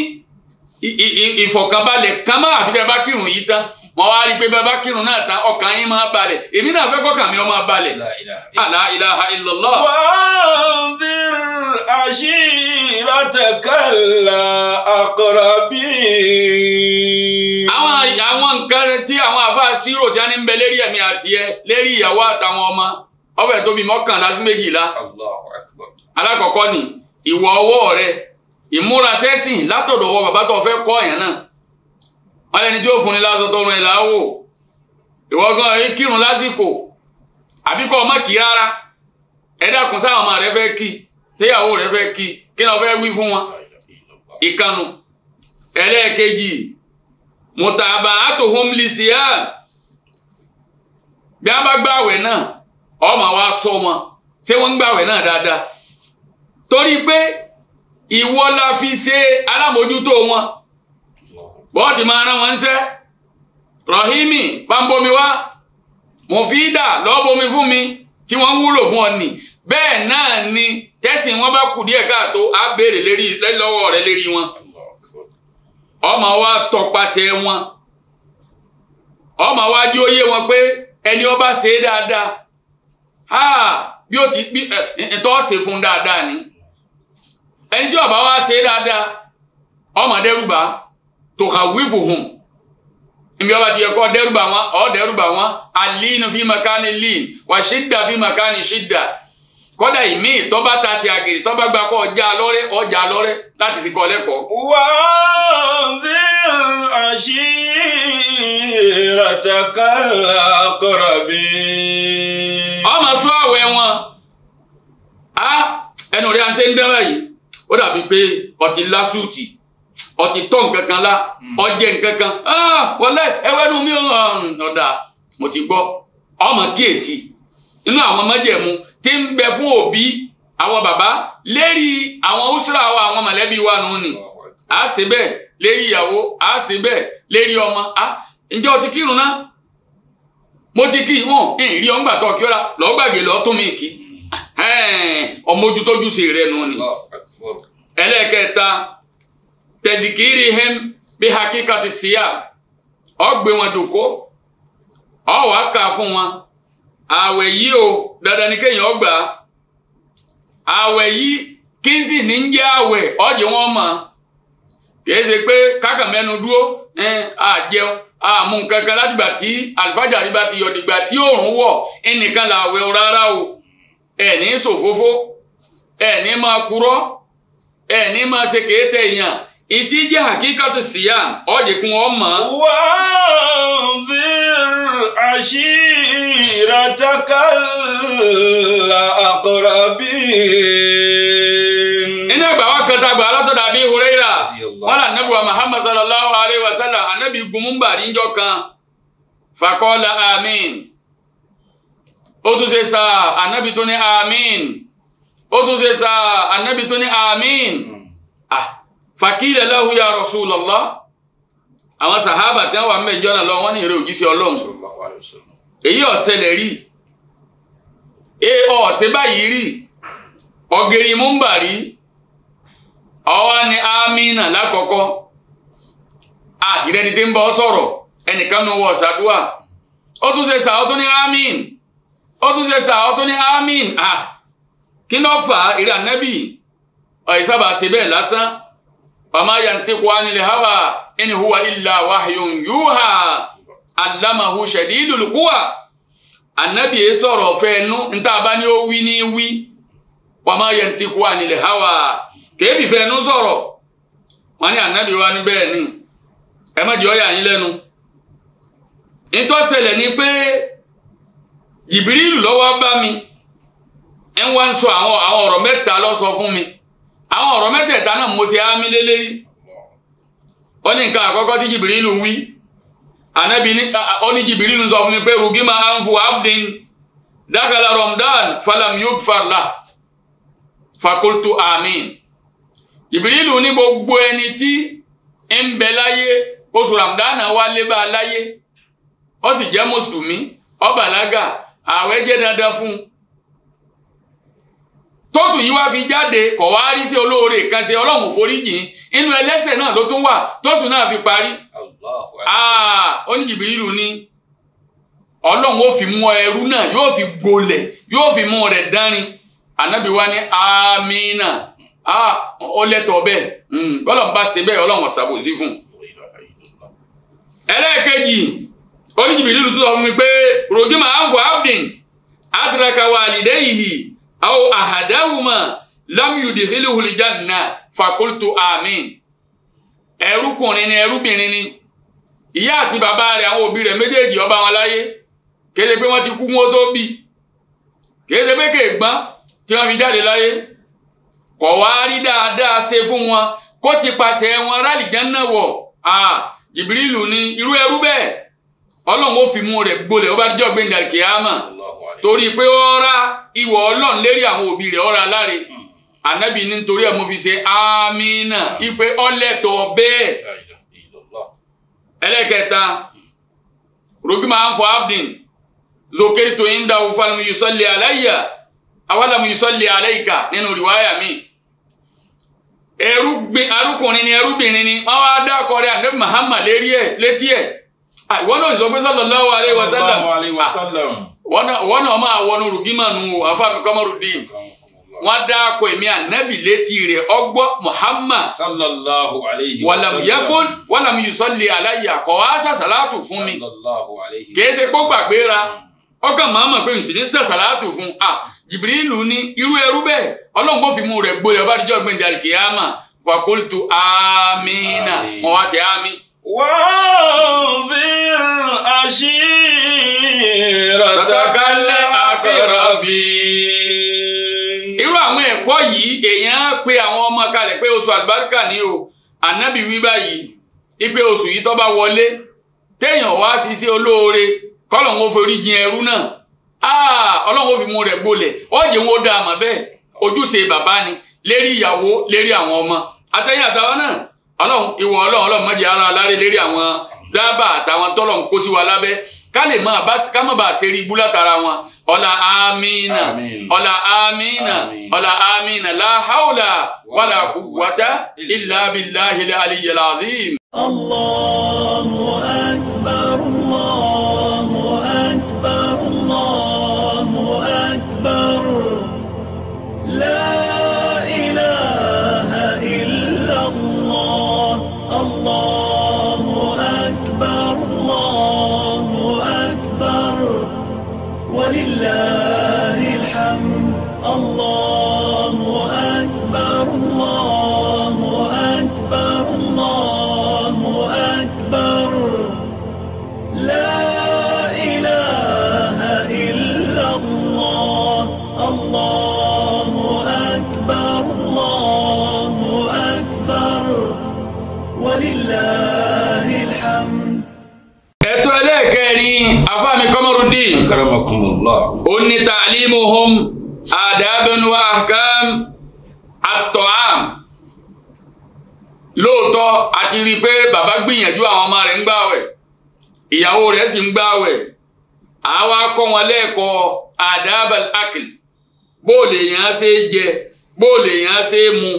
ìfọ̀kànbalẹ̀ kan máa àfi bá kírun yìí tán mo wá rí i pé bàbá kírun náà tán ọkàn yín máa balẹ̀ èmi náà fẹ́ kọ́kàn mi ó máa balẹ̀. la ilaha illallah. wa anzir ashiratakal aqrabin. àwọn àwọn nǹkan tí àwọn àfáà sírò tí wọ́n ní ń bẹ lérí ẹ̀mí àti ẹ lérí ìyàwó àtàwọn ọmọ ọbẹ̀ tóbi mọ́kànlá sí méjìlá. alákọ̀ọ́kọ́ ni ìwọ ọwọ́ rẹ ìmúrasẹ́sìn látọ̀dọ̀ ọwọ́ bàbá tó fẹ́ kọ́ ẹ̀yàn náà wọn lẹni tí ó fún ni lásán tó rún ẹ láwò ìwọ gan ẹ kírun lásìkò àbí kọ ọmọ kì í rárá ẹ dákun sáwọn ọmọ rẹ fẹ́ kí séyàwó rẹ fẹ́ kí kí ni wọn fẹ́ wí fún wọn ìkànnù ẹlẹ́ẹ̀kejì mùtàbà àtòhún lìsíà bí a bá gbàwẹ̀ náà ọmọ wa sọ wọn ṣé wọ́n ń gbàwẹ̀ náà dáadáa torí pé ìwọ la fi ṣe alámòjútó wọn bọ́ọ̀tìmọ́ra wọn ń sẹ́ rọ̀hímì pambomi wá mọ̀fídà lọ́ọ́bomi fún mi tí wọ́n wúlò fún ọ nì bẹ́ẹ̀ náà ni tẹ́sìn wọn bá kù díẹ̀ káàtó á béèrè lọ́wọ́ rẹ lérí wọn ọmọ wa tọpasẹ̀ wọn ọmọ wa jí ó wọn pé ẹni ọba ṣe é dáadáa ha bí ó ti bí ẹ̀tọ́ eh, eh, eh, ṣe fún dáadáa ni ẹni tí ọba wa ṣe é dáadáa ọmọ dẹ́rùbà. tukhawifuhum nbí ọba ti yẹ kọ́ dẹ́rùbà wọn ọ́ dẹ́rùbà wọn alínu fi makani lín wà ṣídà fi makani ṣídà kọ́dà ìmí tọ́ba ta sí àgèrè tọ́ba gba kọ́ ọjà lọ́rẹ́ ọjà lọ́rẹ́ láti fi kọ́ lẹ́kọ̀ọ́. wà á fi àṣíràtàkà àkọ́rọ̀bí. ọmọ sọ àwẹ̀ wọn a ah, ẹnu rẹ̀ à ń ṣe ń dára yìí ó dàbí pé ọtí lásùtì ọtí tó nǹkan kan lá hmm. ọjẹ nǹkan kan ah, wọlé ẹwẹ́nu mi um, ọ̀dà mo ti gbọ́ ọmọ kíyèsí inú àwọn májẹ̀mú tí ń bẹ fún òbí àwọn bàbá lérí àwọn úsúra wa àwọn mọ̀lẹ́bí wa nù ni a ṣe bẹ́ẹ̀ lérí ìyàwó a ṣe bẹ́ẹ̀ lérí ọmọ a ǹjẹ́ ọtí kírun náà mo ti kí wọn ìrí ọgbà tó kí ọ́ la lọ́ọ́ gbàgbé mi kí hmm. ọmọ ojútójú ṣe rẹ nù ni ẹlẹ́kẹta. tadhikirihim bihakikati siyam ọ gbé wọn dòkó ọ wàá kà wọn o dada ni kéèyàn gbà á ààwẹ̀ yìí kí awe ní ń jẹ́ ààwẹ̀ ọ̀jẹ̀ wọn mọ̀ kìí ṣe pé kákà mẹ́nu dúró àjẹun àmú kankan látìgbà tí àlùfájàrí bá ti o ẹ̀ ní ṣòfófó ẹ̀ ìtí jẹ́ àkíkàtú síyàm ọ̀jẹ̀ kún ọ mọ̀. wà á bí àṣírataka àkọ́rọ̀bí. inú ẹgbàá wa kan tagba alátọ́dà bíi Huraira wọn là nàbùwà Muhammad sallallahu alayhi wa sallam anabi gùnmùbà níjọ kan fakọ́lá amin ó tún ṣe sáà anabi tó ní amin ó tún ṣe sáà anabi tó ní amin. Mm fàkìlẹ̀ lahu ya Rasulullah àwọn sàhábà tí wọ́n wà mẹ́jọ náà lọ wọ́n ní ìrẹ́ òjíṣẹ́ ọlọ́run èyí ọ̀sẹ̀lẹ̀ rí e ọ̀sẹ̀ báyìí rí ọ̀gẹ̀rì múmbà rí ọwọ́ ni amina lákọ̀ọ́kọ́ àṣìrẹ́ni tí ń bọ́ sọ̀rọ̀ ẹnìkan nu wọ ṣàdúà ó tún ṣe sàá ó tún ní amin ó tún ṣe sàá ó tún ní amin ah kí ló fà á ìrẹ́ ànábì ṣe bẹ́ẹ̀ lásán fama yantiqu anil hawa in huwa illa wahyun yuha allamahu shadidul quwa annabi esoro fenu nta ba ni owi ni wi fama yantiqu anil hawa kebi fenu soro wani annabi wa ni be ni e ma ya yin lenu nto sele ni pe jibril lọwa wa ba mi en wa nso awon awon àwọn ọ̀rọ̀ mẹ́tẹ̀ẹ̀ta náà mo ṣe ámì lélẹ́rí ó ní nǹkan àkọ́kọ́ tí jìbìrìlù wí ànábì ó ní jìbìrìlù sọ fún mi pé rugima anfu abdin dakala ramadan falam yukfar lah fakultu amin jìbìrìlù ní gbogbo ẹni tí ń bẹ láyé oṣù ramadan wá lé bá a láyé ó sì jẹ́ mùsùlùmí ó bàlágà ààwẹ̀ jẹ́ dandan fún un tóṣù yìí wá fi jáde kọ̀ wá rí sí olóore kan ṣe ọlọ́run foríjì inú ẹlẹ́sẹ̀ náà ló tún wà tóṣù náà fi parí. oníjìbìrìlù ah, ni ọlọ́run ó fi mú ẹrú náà yóò fi gbolẹ̀ yóò fi mú rẹ̀ dánrin ànábì wa ní amínà ah, ó lẹ́tọ̀ọ́ bẹ́ẹ̀ hmm, bọ́lọ̀ bá ṣe bẹ́ẹ̀ ọlọ́run ṣàbòsí fún. ẹlẹ́ẹ̀kejì oníjìbìrìlù tó sọ fún mi pé rògìmọ̀ àǹfọ̀ abdin adraka walideyihi aw ahadahuma lam yudhiluhu aljanna fakultu amin ẹrúkùnrin ni ẹrúbìnrin ni ìyá àti bàbá rẹ̀ àwọn òbí rẹ̀ méjèèjì ọba wọn láyé kéde pé wọ́n ti kú wọn tó bí kéde pé kéègbọ́n tí wọ́n fi jáde láyé kọ wá rí dáadáa ṣe fún wọn kó ti pàṣẹ wọn rálì jẹnà wọ jìbìrìlù ni irú ẹrú bẹ́ẹ̀ Ọlọ́run ó fi mú rẹ̀ gbolẹ̀ ó bá jọ gbẹndàkìá mọ torí pé ó rà ìwọ ọlọ́run lérí àwọn òbí rẹ̀ ọ̀rọ̀ aláre ànábì nítorí ẹ̀ mo fi ṣe amínà ipe ọlẹ́tọ̀ bẹ́ẹ̀ ẹlẹ́kẹta rogima anfọ abdin zokeri tó yín dáwọ́ falamu yusalli aláyà awalamu yusalli aláìka nínú rìwáyà mi ẹrúkùnrin ni ẹrúbìnrin ni wọn wá dá ọkọ rẹ ànábì Muhammad lérí ẹ létí ẹ ìwọ náà sọ pé sallallahu alaihi wasallam wọn náà máa wọnú rugimanu afáàmì kọmọrùdín wọn dáko èmi ànábì létí rẹ ọgbọ muhammad sallallahu alayhi wa sallam wàlàmùyẹkùn wàlàmùyùsọlẹ aláyà kọ wá sàṣàlátù fún mi kìí ṣe kó gbàgbéra ọkàn màmá pé nsì ní sàṣàlátù fún a jìbìrìlù ní irú ẹrú bẹ́ẹ̀ Ọlọ́run kò fi mú rẹ gbóyè ọba àdìjọ gbẹndẹ alikiyama wàkúlùtù amínà wọn wá sí amí وانظر عشيرتك الأقربين irú àwọn ẹ̀kọ́ yìí èèyàn pe àwọn ọmọ kalẹ̀ pé oṣù àlùbáríkà ni o ànábì wí báyìí ipe oṣù yìí tó bá wọlé téèyàn wá sí sí olóore kọ́lọ̀hún ó forí jin ẹrú náà ah, ọlọ́hún ó fi mú rẹ̀ gbolẹ̀ ó jẹ́ wọn ó dá àmọ́ bẹ́ẹ̀ ọlọ́run ìwọ ọlọ́run ọlọ́run má jẹ́ ara alárè lérí àwọn dábà àtàwọn tọ́lọ̀ ń kó sí wa lábẹ́ ká lè máa bá ká má bàa ṣe rí ibú látara wọn ọ̀la amina ọ̀la amina ọ̀la amina la hawla wala quwwata illa billahi al-aliyyil azim. Allahu ń rí i pé bàbá gbìyànjú àwọn ọmọ rẹ̀ ń ọrụ ìyàwó rẹ̀ sì ń gbààwẹ̀ àwa kọ́ wọn lẹ́ẹ̀kọ́ adabal akil bóòlù èèyàn ṣe jẹ bóòlù èèyàn ṣe mu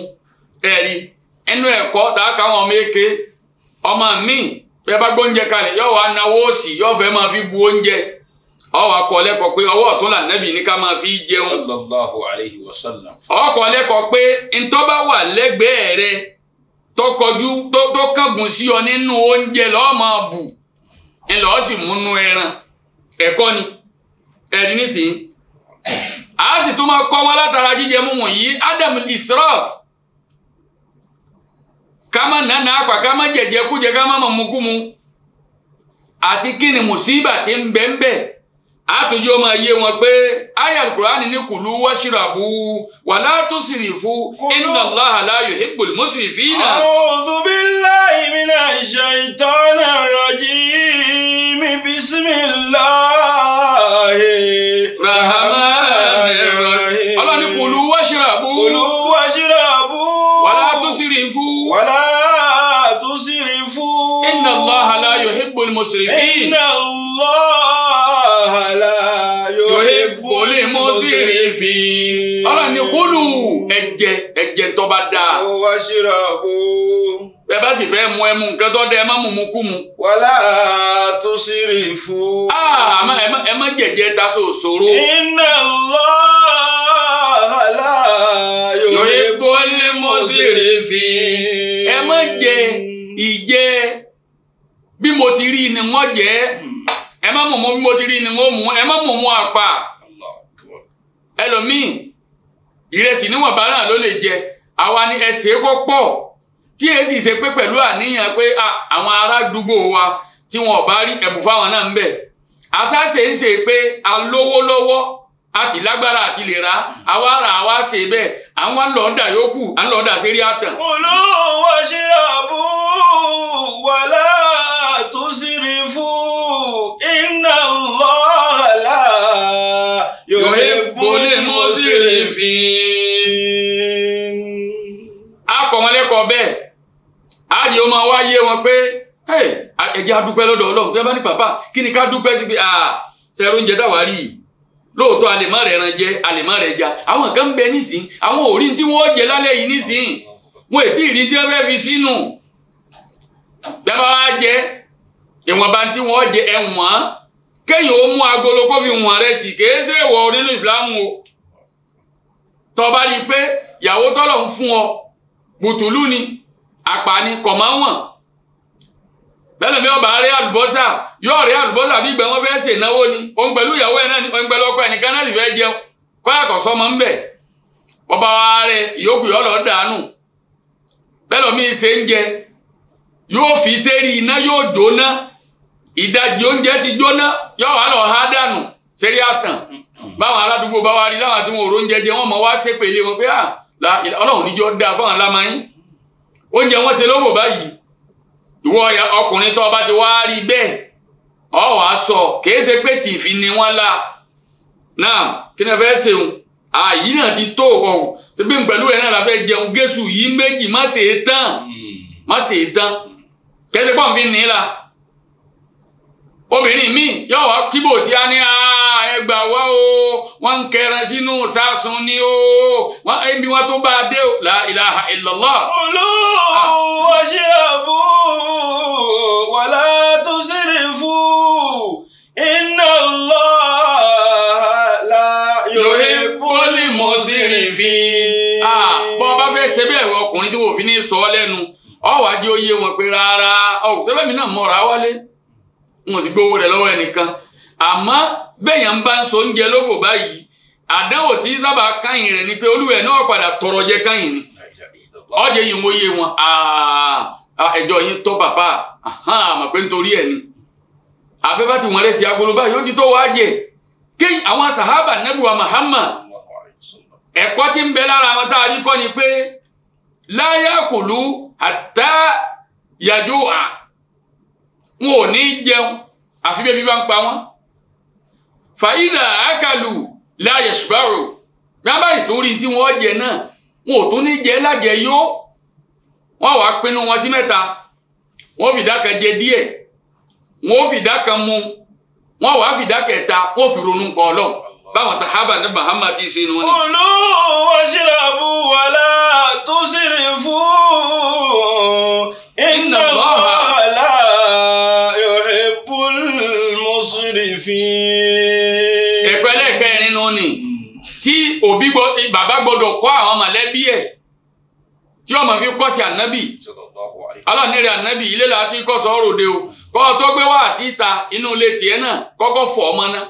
ẹ̀rí ẹnu ẹ̀kọ́ tá a wọn eke ọmọ míì bẹ́ẹ̀ bá gbóúnjẹ kalẹ̀ yóò wá náwó fẹ́ máa fi bu oúnjẹ pé tó kọjú tó kángun sí ọ nínú oúnjẹ lọ́ọ́ máa bù ń lọ́ọ́ sì múnú ẹran ẹ̀kọ́ ni ẹ̀rí nísìnyí a sì tún máa kọ́ wọn látara jíjẹ múmu yìí adam israf ká má nánà àpà ká má jẹjẹ kújẹ ká má mọ̀ mukumu àti kí ni mùsíbà ti ń bẹ́ẹ̀ bẹ́ẹ̀ àtúnjẹ ọmọ yé wọn pé àyà alukurani ní kùlú wáṣírabù wà látó sìrìfù inna Allaha la yuhibbul musrifina. a'udhu billahi minash shaitani rajim bismillahi rahmanir rahim. ọlọ́ni kùlú wáṣírabù. kùlú wáṣírabù. wà látó sìrìfù. wà látó sìrìfù. inna Allaha la yuhibbul musrifina. inna Allah la yuhibbul musrifin. ọlọ́ni kúlù ẹ̀jẹ̀ ẹ̀jẹ̀ tó bá dáa. washrabu. ẹ bá sì fẹ́ mu ẹmu nǹkan tó dẹ ẹ má mú mu kú mu. wala tusrifu. ẹ má jẹ̀jẹ̀ ta sòsòrò. inna Allah la yuhibbul musrifin. ẹ má jẹ ìjẹ bí mo ti rí ni wọ́n jẹ́ ẹ má mọ̀mọ́ bí mo ti rí ni mo mú ẹ má mọ̀mọ́ àpà ẹlòmíì ìrẹsì níwọ̀nba náà ló lè jẹ àwa ni ẹsẹ̀ kó pọ̀ tí èyí ṣe pé pẹ̀lú àníyàn pé àwọn ará àdúgbò wa tí wọn ò bá rí ẹ̀bùn fáwọn náà ń bẹ̀ àṣàṣe ń ṣe pé a lówó lọ́wọ́ a sì lágbára àti lè ra àwa ara àwa ṣe bẹ́ẹ̀ àwọn lọ́ọ̀dà yòókù àwọn lọ́ọ̀dà ṣeré àtàn. kùlù ṣe rà bú wàhálà tó ṣe Inna lọ́la yóò epo lè mú sílè fi. a kọ̀ wọn lẹ́kọ̀ọ́ bẹ́ẹ̀ a yẹ ọmọ wa yé wọn pé ẹ jẹ́ a dúpẹ́ lọ́dọ̀ Ọlọ́run bí wọ́n bá ní pàpà kí ni ká dúpẹ́ síbi ṣẹ́rú oúnjẹ dáwárí yìí lóòótọ́ a lè má rẹ̀ ẹran jẹ a lè má rẹ̀ ẹja àwọn kan ń bẹ nísìn àwọn ò tí wọ́n jẹ lálẹ́ yìí nísìn wọn ètí ìrí tí wọ́n fẹ́ fi sínú bẹ́ẹ̀ bá wá jẹ ìwọ̀nba tí wọ́n jẹ ẹ̀wọ̀n ó mú agolo kó wọ̀n rẹ̀ sí kèé ṣe ìwọ̀ nínú ìsìlámù o tọba bá pé ìyàwó tọ́lọ̀ ń fún ọ bùtùlù ni àpàní kọ̀ máa wọ̀n bẹ́ẹ̀ mi ọba rí àlùbọ́sà yóò àlùbọ́sà bí wọn fẹ́ ṣe ni òun pẹ̀lú ìyàwó ẹ̀ náà ni òun pẹ̀lú ọkọ fẹ́ jẹun ń ìdajì oúnjẹ ti jóná yóò wá lọ há dànù sẹ́rí àtàn báwọn aládùúgbò bá wá rí láwọn àti wọn ò róúnjẹ jẹ wọn mọ wá sépèlé wọn pé ah, ọlọ́run níjọ́ dáa fáwọn alámáyín oúnjẹ wọn ṣe lófò báyìí ìwọ ọkùnrin tó o bá ti wá rí bẹ́ẹ̀ ọ wàá sọ kìí ṣe pé tìfì ni wọ́n la náà kí ni fẹ́ ṣeun àyí náà ti tó ọ ṣe pẹ̀lú rẹ̀ náà la fẹ́ jẹun gẹ̀ẹ́sù yìí méjì má ṣe é tán hmm. má ṣe é tán kẹ́sì pọ́n fi ní la obìnrin míì yóò wá kíbò sí á ní ẹgbà wá o wọ́n ń kẹran sínú sásun ni o wọ́n ẹbí wọn tó bá a dé o la ilaha illallah. olóòwò ọṣẹ àbú wàlá tó ṣèrè fún iná lọ la yòóhé bọ́lì mọ́ sí rìn fi. bọ́ ọ bá fẹ́ ṣe bẹ́ẹ̀ wọ ọkùnrin tí wò fi ní sọ ọ́ lẹ́nu ọ̀ wá oyé wọn pé rárá ọ̀ sẹ́fẹ̀mí náà mọ̀ra wálé. wọn sì gbowó rẹ̀ lọ́wọ́ ẹnìkan àmọ́ bẹ́yàn bá ń so oúnjẹ lófò báyìí àdánwò tí sábà káyìn rẹ ni pé olúwẹ̀ náà padà tọrọ jẹ káyìn ni ọjẹ́ yìí mo yé wọn Ẹjọ yín tọ́ bàbá àmọ́ pé nítorí ẹ ni abẹ́bá ti wọ́n rẹ̀ sí agolo báyìí ó ti tó wàá jẹ kí àwọn sàhábà nẹ́bùwà Muhammad ẹ̀kọ́ tí ń bẹ lára àwọn tá a rí kọ́ ni pé láyé kùlú àtà yàjú à. wọn ò ní jẹun àfi bí ebi bá ń pa wọn fàyídà ákàlù láàyè ṣùgbọ́rò gbábà ìtòrí tí wọ́n jẹ náà wọn ò tún ní jẹ lájẹ yó wọn wàá pinnu wọn sí mẹ́ta wọn fìdá kan jẹ díẹ̀ wọn fìdá kan mu wọn wàá fìdá kẹta wọn fi ronú nǹkan Ọlọ́run báwọn sàhábà ní Muhammad ti ṣe nu wọn. kulu washrabu wala tusrifu inna Allah. fi. ẹ̀kọ́ ẹlẹ́kẹ̀rin nù ni tí òbí bàbá gbọ́dọ̀ kọ́ àwọn mọ̀lẹ́bí ẹ̀ tí ọmọ fi kọ́ sí ànábì alánirẹ̀ ànábì ilé la ti kọ́ sọ́ọ́ ròde o kọ́ tó gbé wá síta inú ilé tiẹ̀ náà kọ́kọ́ fọ̀ ọmọ náà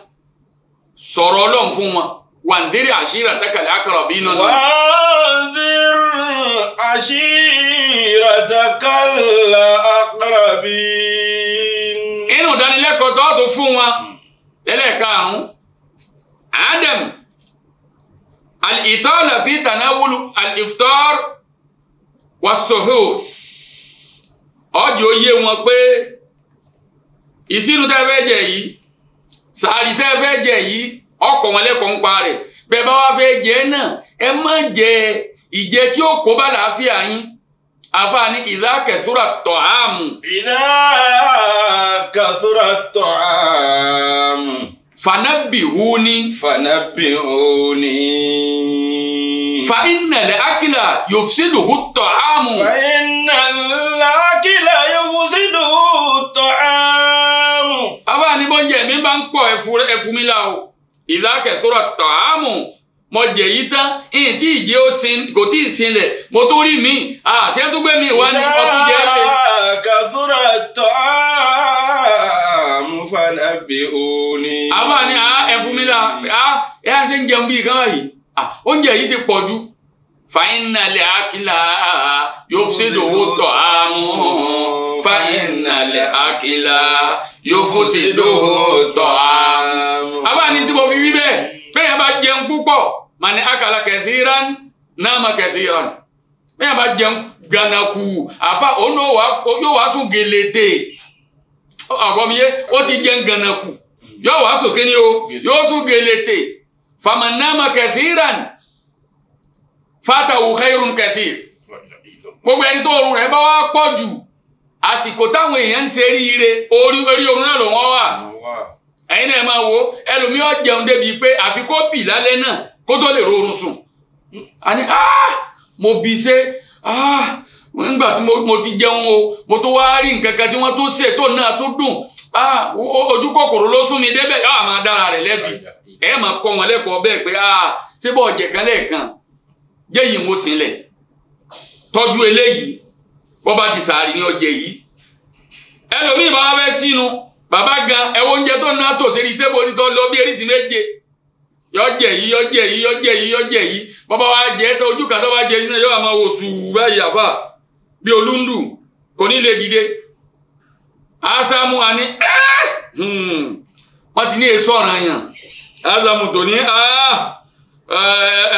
sọ̀rọ̀ ọlọ́run fún wọn wàǹdírí àṣírà tẹ́kẹ̀lẹ́ àkàràbí náà. wàǹdírí àṣírà tẹ́kẹ̀lẹ́ àkàràbí. inú ìdánilẹ́kọ̀ọ́ tó fún wọn ẹlẹ́ẹ̀karùn-ún adam al-itala fi tanawul al-iftar was-suhur ọjọ́ yé wọn pé ìsínú tẹ́ fẹ́ jẹ yìí sàárì tẹ́ fẹ́ jẹ yìí ọkọ̀ wọn lẹ́kọ̀ọ́ ń pa rẹ̀ bẹ́ẹ̀ bá fẹ́ jẹ náà ẹ má jẹ ìjẹ tí ó kó bá làáfíà yín àfààní ìdákẹ̀súrà tọ̀ àmù. ìdáhà kathura ta'am. fanabihuni. fanabihuni. fa innal akila yufsiduhu ta'amu. fa innal akila yufsiduhu ta'amu. abáà ní bọ́njẹ́ mi máa ń pọ̀ ẹ̀fù mi la o ìlà kathura ta'amu mo jẹ yìí tán ìyìn tí ìjẹ ó sin kò tí ì sinlẹ̀ mo tó rí mi àṣẹ tó gbé wá ní ọtún jẹ ẹ. kàṣúrà tó mú fana bí òní. àbá ni ẹ fún mi la ẹ á ṣe ń jẹun bíi káwá yìí oúnjẹ yìí ti pọ̀ jù fàyínàlẹ̀ àkìlà yóò fi dòwò tọ̀ àmú fàyínàlẹ̀ àkìlà yóò fò sí dòwò tọ̀ àmú. àbá ni tí mo fi wí bẹ́ẹ̀ bẹ́ẹ̀ bá jẹun púpọ̀ mani akala kẹsíran náàmà kẹsíran bẹ́ẹ̀ bá jẹun gànàkù àfa òun yóò wá sùn gèlètè àbọ̀míyé ó ti jẹun gànàkù yóò wá sùn kíni o yóò sùn gèlètè fama náàmà kẹsíran fatawu khairun kẹsír gbogbo ẹni tó oorun rẹ̀ bá wá pọ̀ jù àsìkò táwọn èèyàn ń ṣe ríire orí oorun náà ló wọ́n wà ẹ̀yin náà máa wo ẹlòmíọ́ jẹun débi pé àfikó bì lálẹ́ náà kó tó lè rọrùn sùn a ní ah, mo bí ṣe ah, nígbà tí mo ti jẹun o mo tó wá rí nǹkan kan tí wọ́n tó ṣe tó náà tó dùn ah, ojú kòkòrò ló sún mi débẹ̀ yóò máa dára rẹ̀ lẹ́bi ẹ máa kọ́ wọn lẹ́kọ̀ọ́ bẹ́ẹ̀ pé ṣé bọ́ ọ̀jẹ̀ kan lẹ́ẹ̀kan jẹ́yìn mo sílẹ̀ tọ́jú eléyìí bọ́ bá ti sàárì ní ọjẹ́ yìí ẹlòmíì bá wá fẹ́ sínú bàbá gan ẹ̀wọ̀n oúnjẹ tó ná tòṣèlú tébù onítọ́ lọ bí eríṣi méje yọjẹ yìí yọjẹ yìí yọjẹ yìí yọjẹ yìí bàbá wa jẹ tó ojú kan tó bá jẹ sínú yóò máa wò sùúrù báyìí àfà bí olúndù kò ní lè dìde asámú wa ní hmm. wọn ti ní èso ọ̀ràn yàn asámú tó ní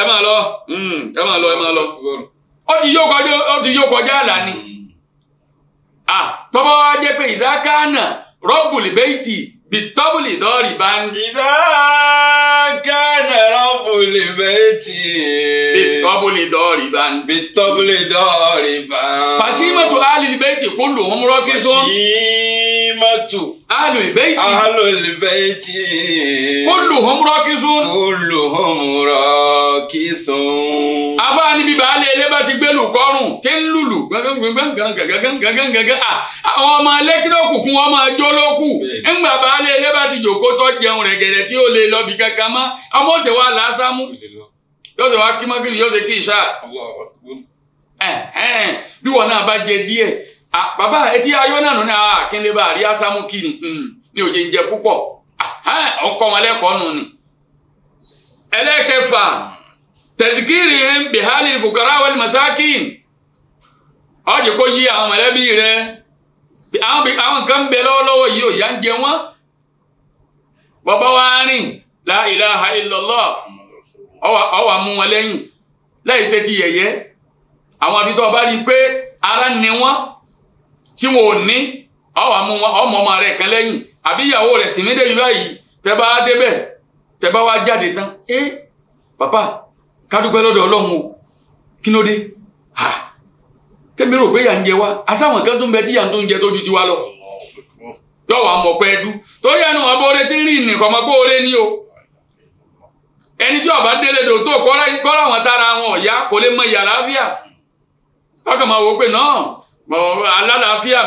ẹ máa lọ hmm. ẹ máa lọ ẹ máa lọ ó ti yóò kọjá ó ti yóò kọjá àlá ni tọ́bọ̀ wa jẹ́ pé ìdákàánà rọ́bùlì bẹ́ẹ̀tì bitọ́bùlì dọ́ọ̀rì bá ń. ìdá kánà rọ́bùlì bẹ́ẹ̀tì. bitọ́bùlì dọ́ọ̀rì bá ń. bitọ́bùlì dọ́ọ̀rì bá ń. fàṣímọ̀tò alìlì bẹ́ẹ̀tì kó lò wọ́n mọ́rọ́ kí sọ. fàṣímọ̀tò. alìlì bẹ́ẹ̀tì. alìlì bẹ́ẹ̀tì. kó lò wọ́n mọ́rọ́ kí sọ. kó lò wọ́n mọ́rọ́ kí sọ. afáàní bíbá alẹ́ ilé bá ti gbé lù kọ́rùn tí ń lùlù gbẹ̀ngàn baálé ilé bá ti jòkó jẹun rẹ̀gẹ̀rẹ̀ tí ó lè lọ bí kankan mọ́ ọmọ òsè wa làásámú yóò ṣe wá kí mọ́kìlì yóò ṣe kí ìṣá bí wọn náà bá jẹ bàbá etí ayọ náà ní ní òye ń jẹ púpọ̀ ọkọ wọn lẹ́kọ̀ọ́ nù ni ẹlẹ́kẹfà tẹ̀síkìrì ń masakin ọ̀jẹ̀ yí bọ́bá wa rìn la ilaha illallah ọwà mú wọn lẹ́yìn láì ṣe ti yẹ̀yẹ́ àwọn àbí o bá rí i pé ara ni wọ́n tí wọn ò ní ọwà mú wọn ọmọ ọmọ rẹ̀ kan lẹ́yìn àbí ìyàwó rẹ̀ sì mí débi báyìí tẹ bá débẹ̀ tẹ bá wá jáde tán ẹ bàbá kádúpẹ́ lọ́dọ̀ ọlọ́run o kí ló dé tẹ́mi rò pé yà ń jẹ wá asáwọn kan tó bẹ tí yà ń tó jẹ tójú tiwa lọ. yóò wá mọ̀ pé torí ẹnu wọn tí retí rìn nìkan mọ́ pé ó lé ní o ẹni tí ọba délé tó kọ́ láwọn tára wọn ọ̀yá kò lè mọ ìyà láfíà ọkàn máa wò pé náà alálàáfíà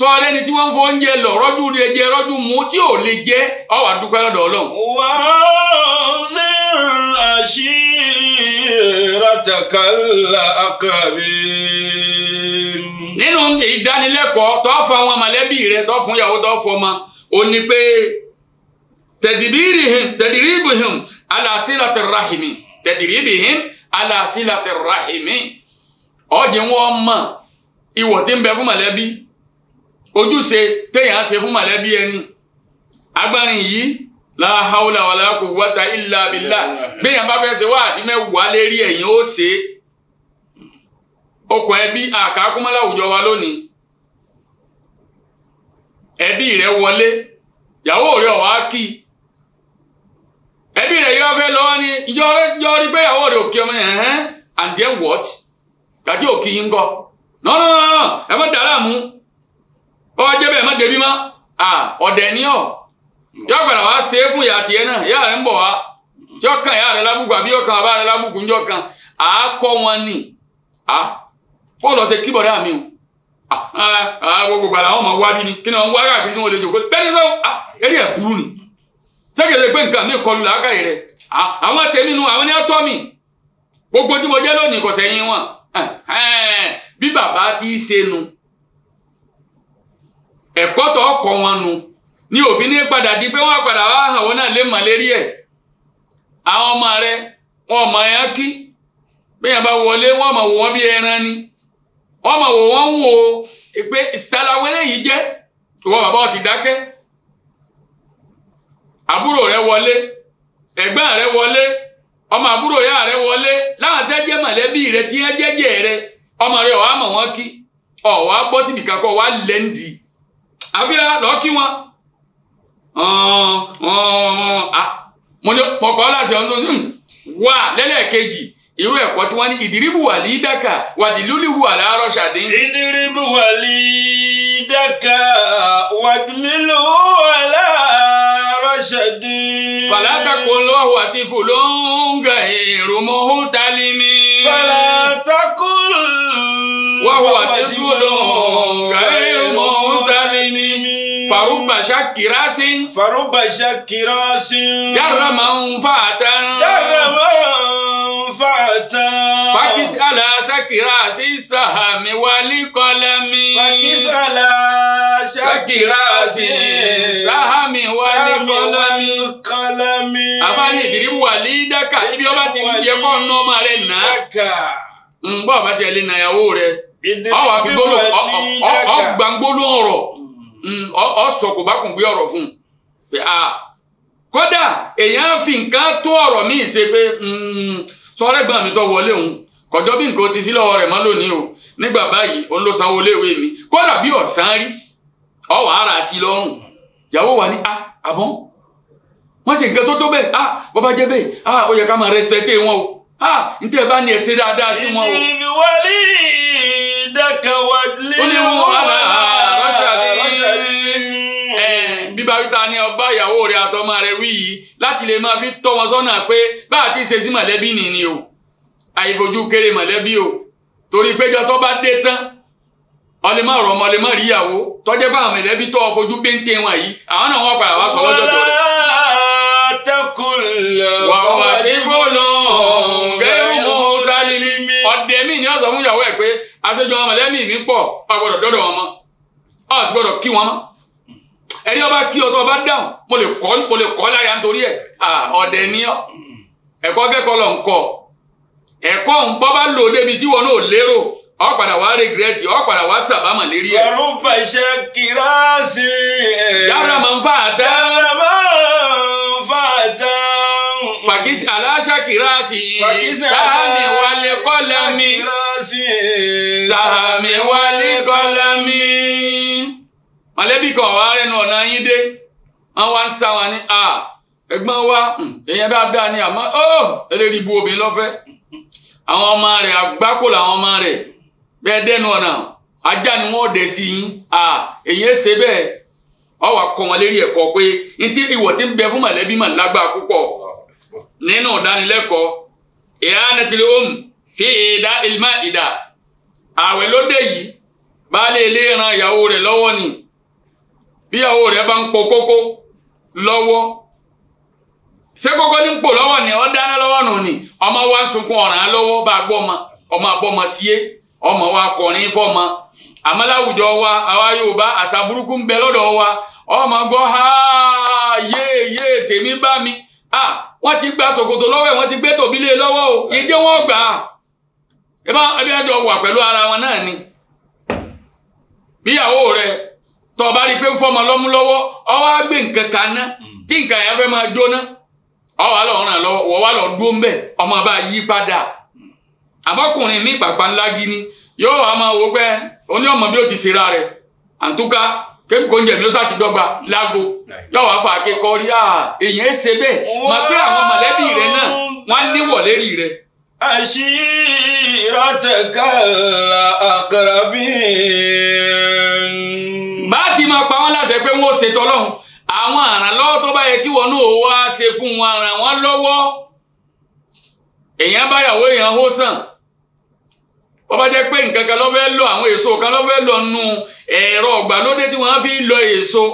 tọ́ọ̀rẹ́ ẹni tí wọ́n ń fọ oúnjẹ lọ rọ́jú lè jẹ rọ́jú mú tí ò lè jẹ ọ wá dúpẹ́ lọ́dọ̀ ọlọ́run. wà á ṣe àṣírátàkà àkàràbí. nínú ìdánilẹ́kọ̀ọ́ tó fún àwọn mọ̀lẹ́bí rẹ tó fún ìyàwó tó fún ọmọ ò ní pé tẹ̀dìbìrìhìn tẹ̀dìrìbìhìn aláṣílátì rahimi tẹ̀dìrìbìhìn aláṣílátì rahimi ọ̀jẹ̀ wọn mọ̀ ìwọ̀ tí ń bẹ fún mọ̀lẹ́bí ojúṣe téèyàn ṣe fún mọ̀lẹ́bí ẹni agbárin yìí la haula wala quwwata illa billah béèyàn bá fẹ́ ṣe wáàsí mẹ́wàá lérí ẹ̀yìn ó ṣe é okùn ẹbí àkàkúmọ́ láwùjọ wa lónìí ẹbí rẹ wọlé ìyàwó rẹ ọ̀wá kì í ẹbí rẹ yóò fẹ́ lọ́wọ́ ní ìjọ rí pé ìyàwó rẹ òkè ọmọ yẹn hẹ́n and then what tàbí òkì yín gọ no no no ẹ má dàrá mú ọjẹ́ bẹ́ẹ̀ má débi mọ́ ọ̀dẹ̀ ni ọ̀ yọ gbàdá wá ṣe é fún ìyá tiẹ̀ náà ìyá rẹ̀ ń bọ̀ wá yọ kan ìyá rẹ̀ lábùkù àbí yọ kan bàbá rẹ̀ lábùkù ńjọ kan à á kọ́ wọn nì à kó lọ ṣe kíbọ̀dá mi o gbogbo gbàdá wọn mọ̀ wá bí ni kí ni wọn wá káàkiri tí wọn lè jòkó bẹ́ẹ̀ ni sọ eré ẹ̀ burú ni sẹ́kẹ̀lẹ́ pé nǹkan mi kọlu làákàyè rẹ̀ àwọn tèmi nu àwọn ni wọ́n tọ́ mi gbogbo tí mo jẹ́ lónìí kọ̀sẹ̀ yín wọn bí bàbá ti ṣe nu ẹ̀kọ́ tó ọkọ̀ wọn nu ni òfin ní padà di pé wọ́n padà wá hàn náà lè mọ̀ ẹ̀ rẹ wọn mọ̀ ẹ́ kí bẹ́ẹ̀ bá wọlé wọn mọ̀ wọ́n bí ẹran ni wọn mọ̀ wò wọ́n ń wò ó pé ìsìtàláwé lẹ́yìn jẹ́ ìwọ bàbá ọ̀sì dákẹ́ àbúrò rẹ wọlé ẹ̀gbọ́n rẹ wọlé ọmọ àbúrò rẹ wọlé láwọn tẹ́ jẹ́ mọ̀lẹ́bí rẹ tí wọ́n jẹ́jẹ́ rẹ ọmọ rẹ mọ̀ wọ́n kí àfihàn lọ́ọ́ kí wọn mo ní pọ̀pọ̀ láti ọdún sí hmm, wà lẹ́lẹ́kejì irú ẹ̀kọ́ tí wọ́n ní ìdíríbù wà ní dákà wàdìlúlìwù àlárọ̀ ṣàdín. ìdíríbù wà ní dákà wàdìlúlìwù àlárọ̀ ṣàdín. fàlàtàkùn lọ́wọ́ àti fòlóńgà èrò mọ́hún tálímì. fàlàtàkùn lọ́wọ́ àti fòlóńgà. شكراس فرب شكراس جر من فاتا جر من فاتا فكس على شكراس السهم والقلم فكس على شكراس السهم والقلم أفعل إدريب وليدك إبي أبتن يكون نوم علينا ǹgbọ́ ọ̀bá tí ẹ lè na ìyàwó rẹ̀ ọ̀ wá fi gbólóhùn ọ̀gbàngbólóhùn rọ̀. Mm, ọ sọ kò bá kùn gbé ọ̀rọ̀ fún un a kódà èèyàn fi nǹkan tó ọ̀rọ̀ míì ṣe pé mm, sọ́rẹ́gbọ̀n mi tó wọlé òun kọjọ́ bí nǹkan ti sí lọ́wọ́ rẹ̀ mọ́ lónìí o nígbà báyìí òun ló sanwó iléèwé mi kódà bí ọ̀sán rí ọwọ́ ara sí lọ́rùn ìyàwó wa ní a àbọ̀ wọ́n ṣe nǹkan tó a bọ́ jẹ́ bẹ́ẹ̀ a ó yẹ ká máa o a n tẹ́ bá ní ẹsẹ̀ dáadáa sí wọn o. rẹ àtọmọ rẹ wí yìí láti lè máa fi tọ́ wọn sọ́nà pé bá a ti ṣe sí mọ̀lẹ́bí nìyí o àìfojú kéré mọ̀lẹ́bí o torí péjọ tó bá dé tán ọlẹ má rọmọ ọlẹ má ríyàwó tọ́jẹ́ bá àwọn mọ̀lẹ́bí tó ọfojú péńté wọn yìí àwọn náà wọ́n padà wá sọ lọ́jọ́ tó rẹ̀. wàhùn àti fọlọ́ gẹ́rù mọ́ ọ̀dàlímí ọ̀dẹ̀ mi ni wọ́n sọ fún ìyàwó ẹ̀ pé àṣejù àwọn mọ̀lẹ́bí mi pọ̀ ọ̀gbọ́dọ̀ dọ́dọ̀ wọn mọ́ ọ̀sì ẹni ọba kí ọtọ ọba dáhùn mo lè kọ́ mo lè kọ́ láyà nítorí ẹ̀ ọ̀dẹ̀ ni ọ́ ẹ̀kọ́ kẹ́kọ̀ọ́ lọ ń kọ́ ẹ̀kọ́ ń bọ́ bá lò débi tí wọn náà lérò ọ padà wá rẹgírẹ́tì ọ padà wá sàbámọ̀ lérí ẹ̀. ọ̀rùn pàṣẹ kìrásì. yàrá máa ń fà dá. yàrá máa ń fà dá. fàkísì aláṣà kìrásì. fàkísì aláṣà kìrásì. sàmì wálé kọ́lámì. sàmì wálé kọ́lámì. Malebi kan wà rẹnu ọ̀nà yín dé wọ́n wá ń sá wọn ní a ẹ̀gbọ́n wa hmm, èèyàn dáadáa ni àmọ́ ó oh, eléyìí bu obìnrin lọ́fẹ́ àwọn ọmọ rẹ̀ àgbákò làwọn ọmọ rẹ̀ bẹ́ẹ̀ dẹ́nu ọ̀nà ajá ni wọ́n dẹ̀ sí yín a èèyàn ṣe bẹ́ẹ̀ ọ wà kọ wọn lérí ẹ̀kọ́ pé ntí ìwọ tí ń bẹ fún mọ̀lẹ́bí mà lágbára púpọ̀ nínú ìdánilẹ́kọ̀ọ́ ìhánà tí ó fi ìdá ìlmá ìdá ààwẹ̀ ló yìí baálé ilé ran ìyàwó rẹ̀ lọ́wọ́ ni bíyàwó rẹ̀ bá ń po kókó lọwọ ṣé kókó ní pò lọwọ ni ọ dáná lọwọ nù ni ọmọ wa ń sunkún ọ̀ràn lọ́wọ́ bá gbọ́ ọmọ ọmọ àbọ̀mọ síé ọmọ wa kọrin fọmọ àmọ́ láwùjọ wa àwa Yorùbá àṣà burúkú ń bẹ lọ́dọ̀ wa ọmọ gbọ ha yé yé tèmi bá mi ah wọ́n ti gba ṣòkòtò lọwọ ẹ̀ wọ́n ti gbé tòbí lé e lọ́wọ́ o ìdí wọn gbà á ẹ bá ẹbí ẹjọ wà pẹ̀lú ara wọn náà ni bíyàwó rẹ̀ tó o bá rí i pé ń fọmọ lọ́mú lọ́wọ́ ọ wá gbé nǹkan kan ná hmm. tí nǹkan yẹn fẹ́ máa jóná ọ wà lọ ràn lọ́wọ́ wọ́ wà lọ dúró ńbẹ̀ ọmọ bá yí padà àbọ́kùnrin ní ìpàpà ńlá gíní yóò wá máa wo pé ó ní ọmọ bí ó ti ṣera rẹ̀ àǹtúkà kébì kò ń jẹ̀mí ó sáti dọ́gba lágo yóò wá fa akẹ́kọ̀ọ́ rí èèyàn ẹ ṣe bẹ́ẹ̀ mà pé àwọn mọ̀lẹ́bí rẹ̀ náà wọ́n níwọ̀ lérí rẹ̀. àṣírí ìrọ̀tẹ̀ká àkàrà bíi. pé wọ́n ṣe tọ́lọ́hún àwọn àrànlọ́wọ́ tó bá yẹ kí wọn náà wá ṣe fún wọn ràn wọ́n lọ́wọ́ èèyàn báyàwó èèyàn hó sàn wọ́n bá jẹ́ pé nǹkan kan lọ àwọn èso kan ló lọ nu ẹ̀rọ tí fi lọ èso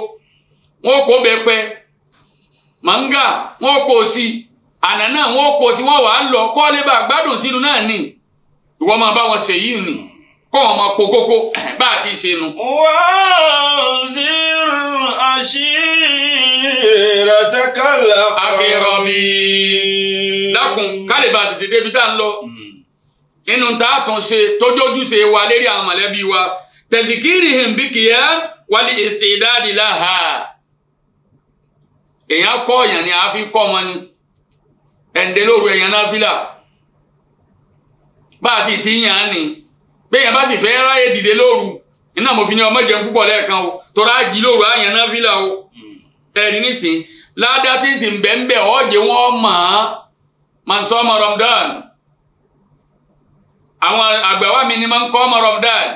wọ́n kó sí sí lọ bá gbádùn sínú náà ìwọ́n máa bá wọn ṣèyí kọ́ ọmọ pokoko bá a ti ṣe nu. wọ́n sì rún àṣírí àtẹ́kálà. akérò mi dákun kálíbà tètè débi tá a ń lọ nínú tá a tún ṣe tójójúṣe wa lérí àwọn mọ̀lẹ́bí wa tẹ̀síkìrì hìnbíkìyà wálé èsì ìdádìlá ha èèyàn kọ́ èèyàn ni àáfi kọ́ ọmọ ni ẹ̀ǹdẹ́lóru èèyàn náà fìlà bá a sì ti yàn án ni bẹ́ẹ̀ bá sì fẹ́ ráyè dìde lóru iná mo fi ní ọmọ jẹun púpọ̀ lẹ́ẹ̀kan o tọ́ra àjì lóru àyàn náà fílà o hmm. ẹ̀rí nísìn ládá tí sì ń bẹ̀ ń bẹ̀ ọ́jẹ̀ wọn mọ̀ ọ́n máa ń sọ ọmọ Ramadan àwọn àgbàwá mi ni máa ń kọ́ ọmọ Ramadan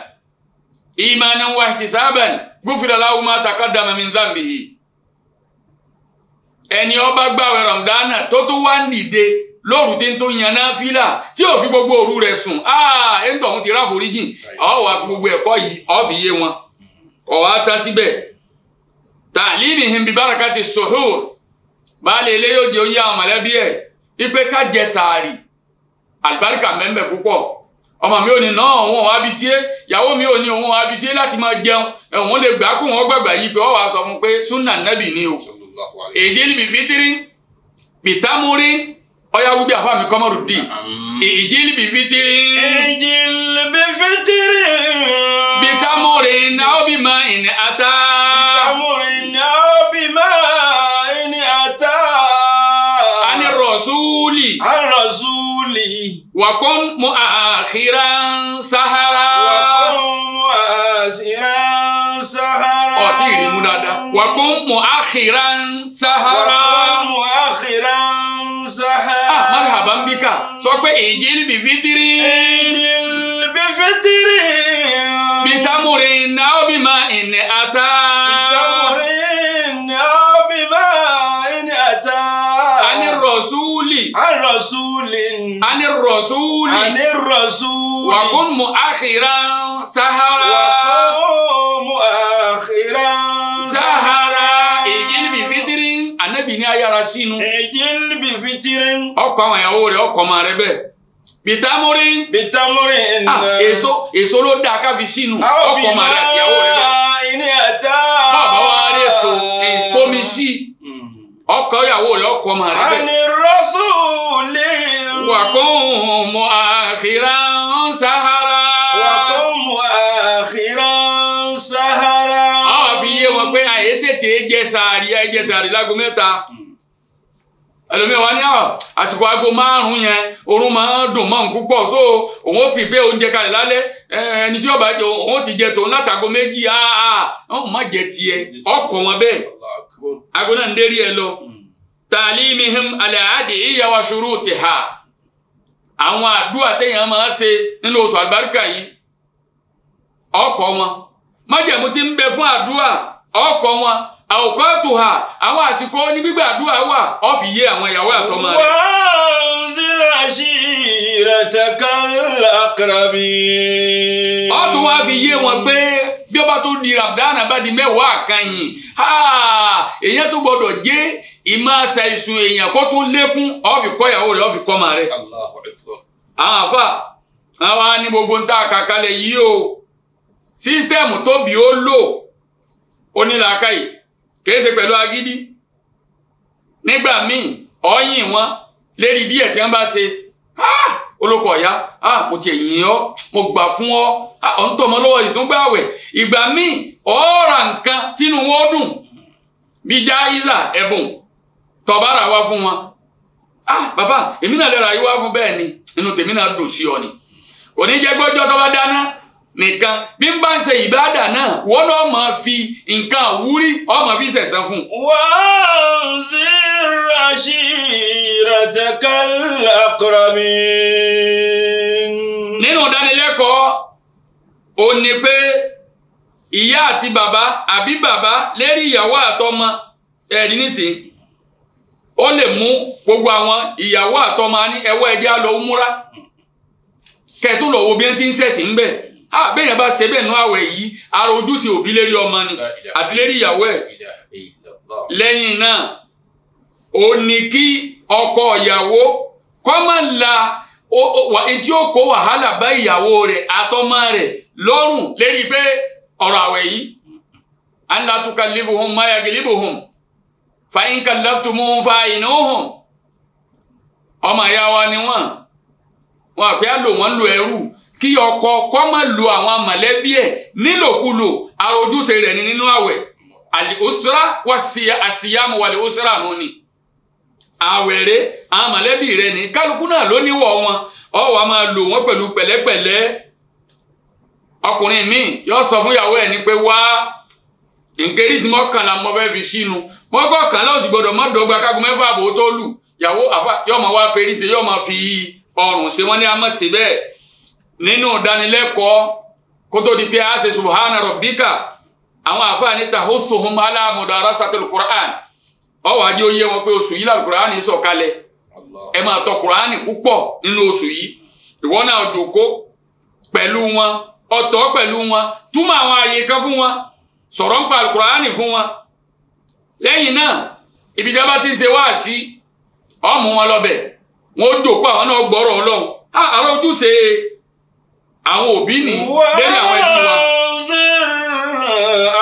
imanan wa ihtisaban gufira lahu ma taqaddama min dhanbihi ẹni ó bá gbààwẹ̀ Ramadan tó tún wá ń dìde lóòrù tí ń tó yan náà fílà tí ò fi gbogbo òru rẹ̀ sùn áà ah, ń tọ̀hún ti ráforíjìn ọ̀ wá fi gbogbo ẹ̀kọ́ yìí ọ̀ fi yé wọn ọ̀ wá tán síbẹ̀ tàlímì hin bí báraka ti sòhóòr baálé ilé yóò jẹ oúnjẹ àwọn mọ̀lẹ́bí ẹ̀ ipe ká jẹ sàárì àlùbáríkà mẹ́mẹ́ púpọ̀ ọmọ mi ò ní náà òun wá bi tiẹ́ ìyàwó mi ò ní òun wá bi tiẹ́ láti máa jẹun òun lè gbà kó wọn gbàgbà yìí pé ọ wàá sọ fún pé sunna nabi ni o èyí níbi fitiri bìtámúrin ọyá wúbi àfa mi kọ́mọ́rù dì ìjìlì bí fitiri. ìjìlì bí fitiri. bí tamuri ma ìní ata. bí tamuri náà ma ìní ata. ani rọ̀súlì. ani rọ̀súlì. wàkún mu àkìrán sahara. wàkún mu àkìrán sahara. ọtí ìrìmú dáadáa. wàkún mu àkìrán sahara. wàkún mu àkìrán sahara bambika sọ pé ìjìnlẹ̀ bí fitiri. ìjìnlẹ̀ bí fitiri. bitamuri náà bí ma ìní ata. bitamuri náà bí ma ìní ata. ani rọ̀súlì. ani rọ̀súlì. ani rọ̀súlì. ani rọ̀súlì. wàkún mu àkìrán sahara. wàkún. anabi ní ayára sínú. ẹ̀jẹ̀ bí fi tirin. ọkọ àwọn ìyàwó rẹ̀ ọkọ ọmọ rẹ̀ bẹ́ẹ̀ bitamuri. bitamuri. ah èso èso ló dáa káfi sínú ọkọ ọmọ rẹ̀ àti ìyàwó rẹ̀ bẹ́ẹ̀. ìní àtà. bàbá wa rẹ̀ so ìfomi sí hmm. ọkọ ìyàwó rẹ̀ ọkọ ọmọ rẹ̀ bẹ́ẹ̀. àní rọ́ṣù lè. wà kún mu ń sahara. tètè jẹ sàárì ẹ jẹ sàárì lágo mẹ́ta ẹlòmíì wa ní àsìkò aago márùn yẹn oorun máa dùn so òun ó pìpé oúnjẹ kalẹ̀ ẹni tí ọba jẹ òun ti jẹ tòun méjì má jẹ ọkọ wọn aago náà ń dérí ẹ lọ aláàdì ìyàwó ha àwọn àdúrà téèyàn máa ṣe nínú oṣù àlùbáríkà àwòkọ́ tó hà àwọn àsìkò ní gbígbàdúrà wà ọ́ yé àwọn ìyàwó àtọmọ rẹ̀. wọ́n zira ashiratakal aqrabin. ọ́ tó wá fi yé wọn pé bí ọba tó di rabdana bá mẹ́wàá àkànyìn èèyàn tó gbọdọ̀ jẹ́ ìmọ̀ ìsun èèyàn kó tó lékún ọ́ fi rẹ̀ ọ́ fi rẹ̀. àwọn àfà àwọn á ní gbogbo ń ta àkàkalẹ̀ yìí o sísítẹ́ẹ̀mù tóbi ó lò ó ní làákàyè. kìí pẹ̀lú agídí nígbà míì ọ̀yìn wọn lérí díẹ̀ tí wọ́n bá ṣe ah! olóko ọ̀yá ah! mo ti ẹ̀yìn ọ́ mo gbà fún ọ́ ọ̀ ń tọmọ lọ́wọ́ ìgbà míì nǹkan tínú wọn dùn bí ẹ̀bùn wá fún wọn ah! bàbá èmi náà lè ra fún bẹ́ẹ̀ ni inú tèmi náà dùn ọ ni kò ní jẹ́ gbọ́jọ́ tó bá nìkan bí n bá ń ṣe ìbáàdà náà wọ́n náà máa fi nǹkan àwúrí ó máa fi ṣẹ̀san fún. wọ́n sì ràṣì ìrẹ̀tẹ̀kẹ́lẹ̀ àkọ́rọ̀mí. nínú ìdánilẹ́kọ̀ọ́ ó ní pé ìyá àti bàbá àbí bàbá lérí ìyàwó àtọmọ ẹ̀rí nísìnyí ó lè mú gbogbo àwọn ìyàwó àtọmọ ẹwọ́ ẹ̀jẹ̀ á lọ múra kẹ́ẹ̀tún bí wọ́n ti ń ṣẹ̀sìn ń ah bẹ́ẹ̀ yẹn bá ṣe bẹ́ẹ̀ àwẹ̀ yìí ara ojúṣe òbí lérí ọmọ ni àti lérí ìyàwó ẹ̀ lẹ́yìn náà ó ní kí ọkọ ìyàwó kọ́ máa la tí ó kó wàhálà bá ìyàwó rẹ̀ àtọmọ rẹ̀ lọ́rùn lérí pé ọ̀rọ̀ àwẹ̀ yìí la tukallifuhum ma yaglibuhum fa in kallaftumuhum fa inuhum ọmọ ìyá wa ni wọ́n wọ́n àpẹ́ àlò wọ́n lo ẹrú kí ọkọ ọkọ máa lo àwọn mọ̀lẹ́bí ẹ̀ nílòkulò àròjúṣe rẹ̀ ní nínú àwẹ̀ àlìósírà wà sí àsíyámu àlìósírà nù ni àwẹ̀rẹ́ àwọn mọ̀lẹ́bí rẹ̀ ní kálukú náà ló níwọ̀ wọn ọ a máa lò wọ́n pẹ̀lú pẹ̀lẹ́pẹ̀lẹ́ ọkùnrin míì yóò sọ fún ìyàwó ẹ̀ ní pé wá nkérésì mọ́kànlá mo fẹ́ fi sínú mọ́kànlá oṣù gbọ́dọ̀ mọ́ dọ́gba kágun mẹ́fà àbò tó lù ìyàwó yóò máa wá fèrèsé yóò máa fi ọrùn ṣe wọ́n ní a máa bẹ́ẹ̀ nínú ìdánilẹ́kọ̀ọ́ kó tó di pé a ṣe subhana rabbika àwọn àfáà níta hussuhum ala mudarasatil Qur'an ọwọ́ adé oyé wọn pé oṣù yìí la Qur'an sọ̀kalẹ̀ ẹ máa tọ Qur'an púpọ̀ nínú oṣù yìí ìwọ náà jòkó pẹ̀lú wọn ọ̀tọ̀ pẹ̀lú wọn túmọ̀ àwọn àyè kan fún wọn sọ̀rọ̀ ń pa alukurani fún wọn lẹ́yìn ibi jábá ti ń ṣe wá sí ọmú wọn lọ́bẹ̀ wọn ó jòkó àwọn náà gbọ́rọ̀ ọlọ́run ojúṣe ah, àwọn òbí ni lérí àwọn ẹbí wa.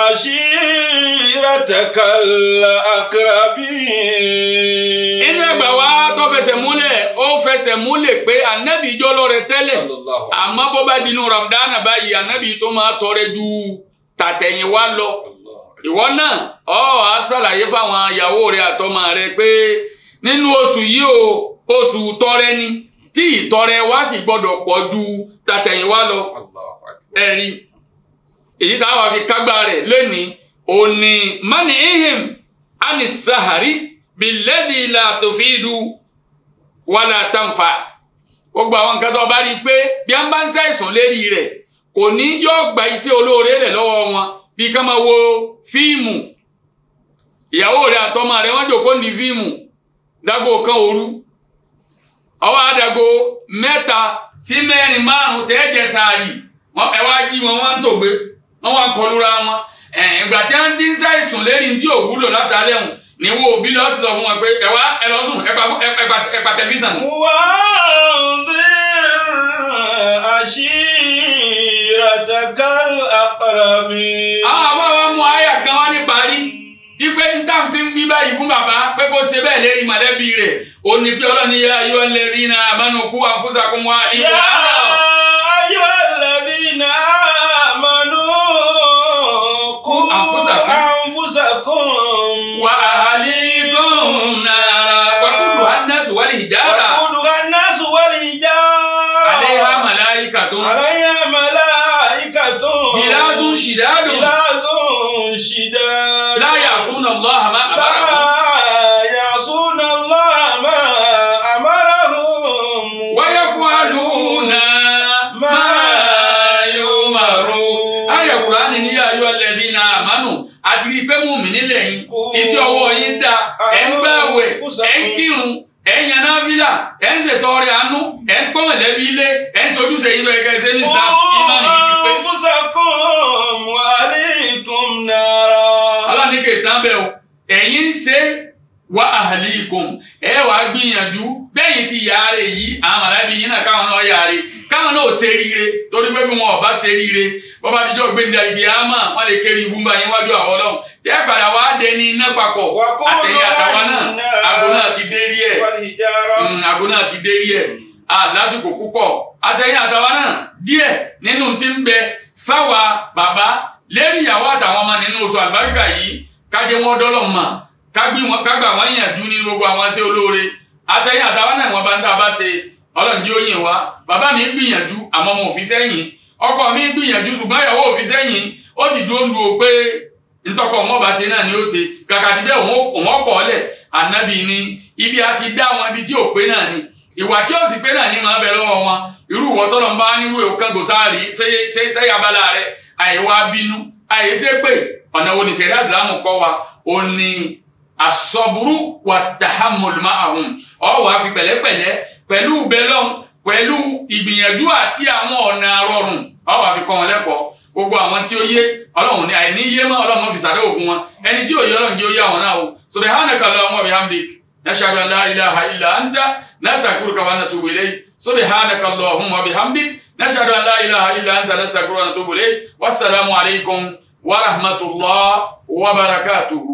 àṣírẹ́tẹ̀kàlà àkàràbí. inú ẹgbẹ́ wa tó fẹsẹ̀ múlẹ̀ ó fẹsẹ̀ múlẹ̀ pé ànábì jọ lọ́rẹ tẹ́lẹ̀ àmọ́ bó bá dinú Ramadan báyìí ànábì tó máa tọrẹ ju tàtẹ̀yìn wa lọ ìwọ náà ọ wàá ṣàlàyé fáwọn ìyàwó rẹ àtọmọ rẹ pé nínú oṣù yìí o oṣù tọrẹ ni. tí ìtọrẹ wa sì gbọdọ pọ̀ ju tàtẹ̀yìnwá lọ ẹ̀rí èyí táwa fi kágbá rẹ̀ lónìí òní mani ihim ani sahari bilẹ́dì ilà tòfíìdù wàlà tàǹfà gbogbo àwọn nǹkan tó bá rí i pé bí a ń bá ń ṣàìsàn lérí rẹ kò ní yóò gba olóore wọn bí ká máa wo fíìmù ìyàwó àtọmọ ọwọ́ adago mẹ́ta sí mẹ́rin márùn tẹ́ẹ̀jẹ̀ sàárì ẹ wá jí wọn wọn tó gbé wọn wá kọlura wọn ìgbà tí wọn ti ń ṣàìsùn lérí tí ò wúlò látàlẹ́ hùn ní wo òbí lọ́ọ́ ti sọ fún wọn pé ẹ wá ẹ lọ sùn ẹ pa tẹlifíṣàn. wà á bí àṣírí àtàkàl àpàràmì. àwọn àbáwá mú ayé ipe ń tà ń fi wí báyìí fún bàbá pé kó ṣe bẹ́ẹ̀ lérí mọ̀lẹ́bí rẹ̀ ó ní pé ọlọ́ni yá ayọ́ lẹ́rí náà àmọ́nù kú àfúnṣakùn wa ìlú wa. ayọ́ lẹ́rí náà àmọ́nù kú àfúnṣakùn wa àlíkùn náà wàkúrò hannásù wàlíhìjára. Bilazun shidadun. Bilazun shidadun. La ya'suna Allah ma amara. La ya'suna Allah ma amarahum. Wa yaf'aluna ma yu'maru. Ayọ̀ Kùránì ní ayọ̀ alladhina amanu àti rí i pé mú mi nílẹ̀ yín. Iṣẹ́ ọwọ́ yín dá. Ẹ ń gbààwẹ̀, ẹ ń kírun, ẹ ń yan náfìlà, ẹ ń ṣètọ́rẹ àánú, ẹ ń pọ́n ẹ̀lẹ́bí ilé, ẹ ń ṣojúṣe yín lọ́yẹ̀kẹ́ ṣe ní sáà ìmánì. náírà. ni kò tán bẹ́ẹ̀ o ẹ̀yin ń ṣe wá ahlikum ẹ wà á gbìyànjú bẹ́yìn ti yáre yìí àwọn alábi yìí náà káwọn náà yáre káwọn náà ò ṣe rire torí pé bí wọn ò bá ṣe rire bọ́bá dídọ́ gbẹ̀ndà ìdí àmà wọn lè kéré ibùba yín wájú àwọn ọlọ́run tẹ́ padà wá dẹni iná papọ̀ àtẹ̀yìn àtàwọn náà mm, àgbo náà ti dé rí ẹ̀ àgbo náà ti dé rí ẹ̀ lásìkò púpọ̀ àtẹ̀yìn àtàwọn náà díẹ̀ nínú ti ń bẹ fáwa bàbá lérí ìyàwó àtàwọn ọmọ nínú oṣù àlùbáríkà yìí kájé wọn dọ́lọ̀ mọ̀ kágbà wọ́n yànjú ní gbogbo àwọn ṣé olóore àtẹ̀yìn àtàwọn náà wọn bá ń dábàá ṣe ọlọ́run jí ó yìn bàbá mi gbìyànjú àmọ́ mo fi ọkọ mi gbìyànjú ṣùgbọ́n ìyàwó ò fi sẹ́yìn ó sì dúró o pé ntọ́kọ wọn bá ṣe náà ni ó ṣe kàkà tí bẹ́ẹ̀ ibi wọn ibi tí àìwá bínú àìsépè ọ̀nà wo ni sẹ̀rí àsìlámù kọ́ wa ó ní àsọ̀bùrú wà tàhámùlùmá àhùn ọ̀ wà fi pẹ̀lẹ́pẹ̀lẹ́ pẹ̀lú bẹ́lọ́n pẹ̀lú ìgbìyànjú àti àwọn ọ̀nà rọrùn ọ̀ wà fi kọ́ wọn lẹ́kọ̀ọ́ gbogbo àwọn tí ó yé ọlọ́run ní àìní yé mọ́ ọlọ́run fi sàdéwò fún wọn ẹni tí ò yé ọlọ́run yóò yé àwọn náà o subhanaka allahumma bihamdik nashhadu an la ilaha illa anta nastaghfiruka wa natubu ilayk subhanaka allahumma bihamdik نشهد أن لا إله إلا أنت نستغفرك ونتوب إليك والسلام عليكم ورحمة الله وبركاته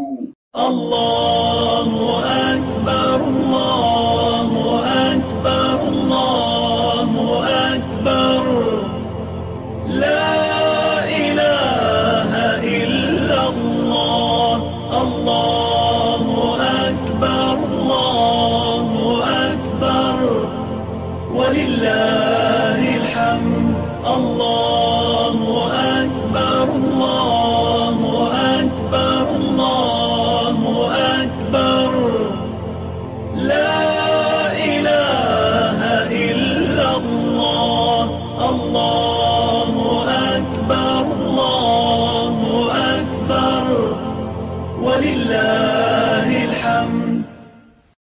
الله أكبر الله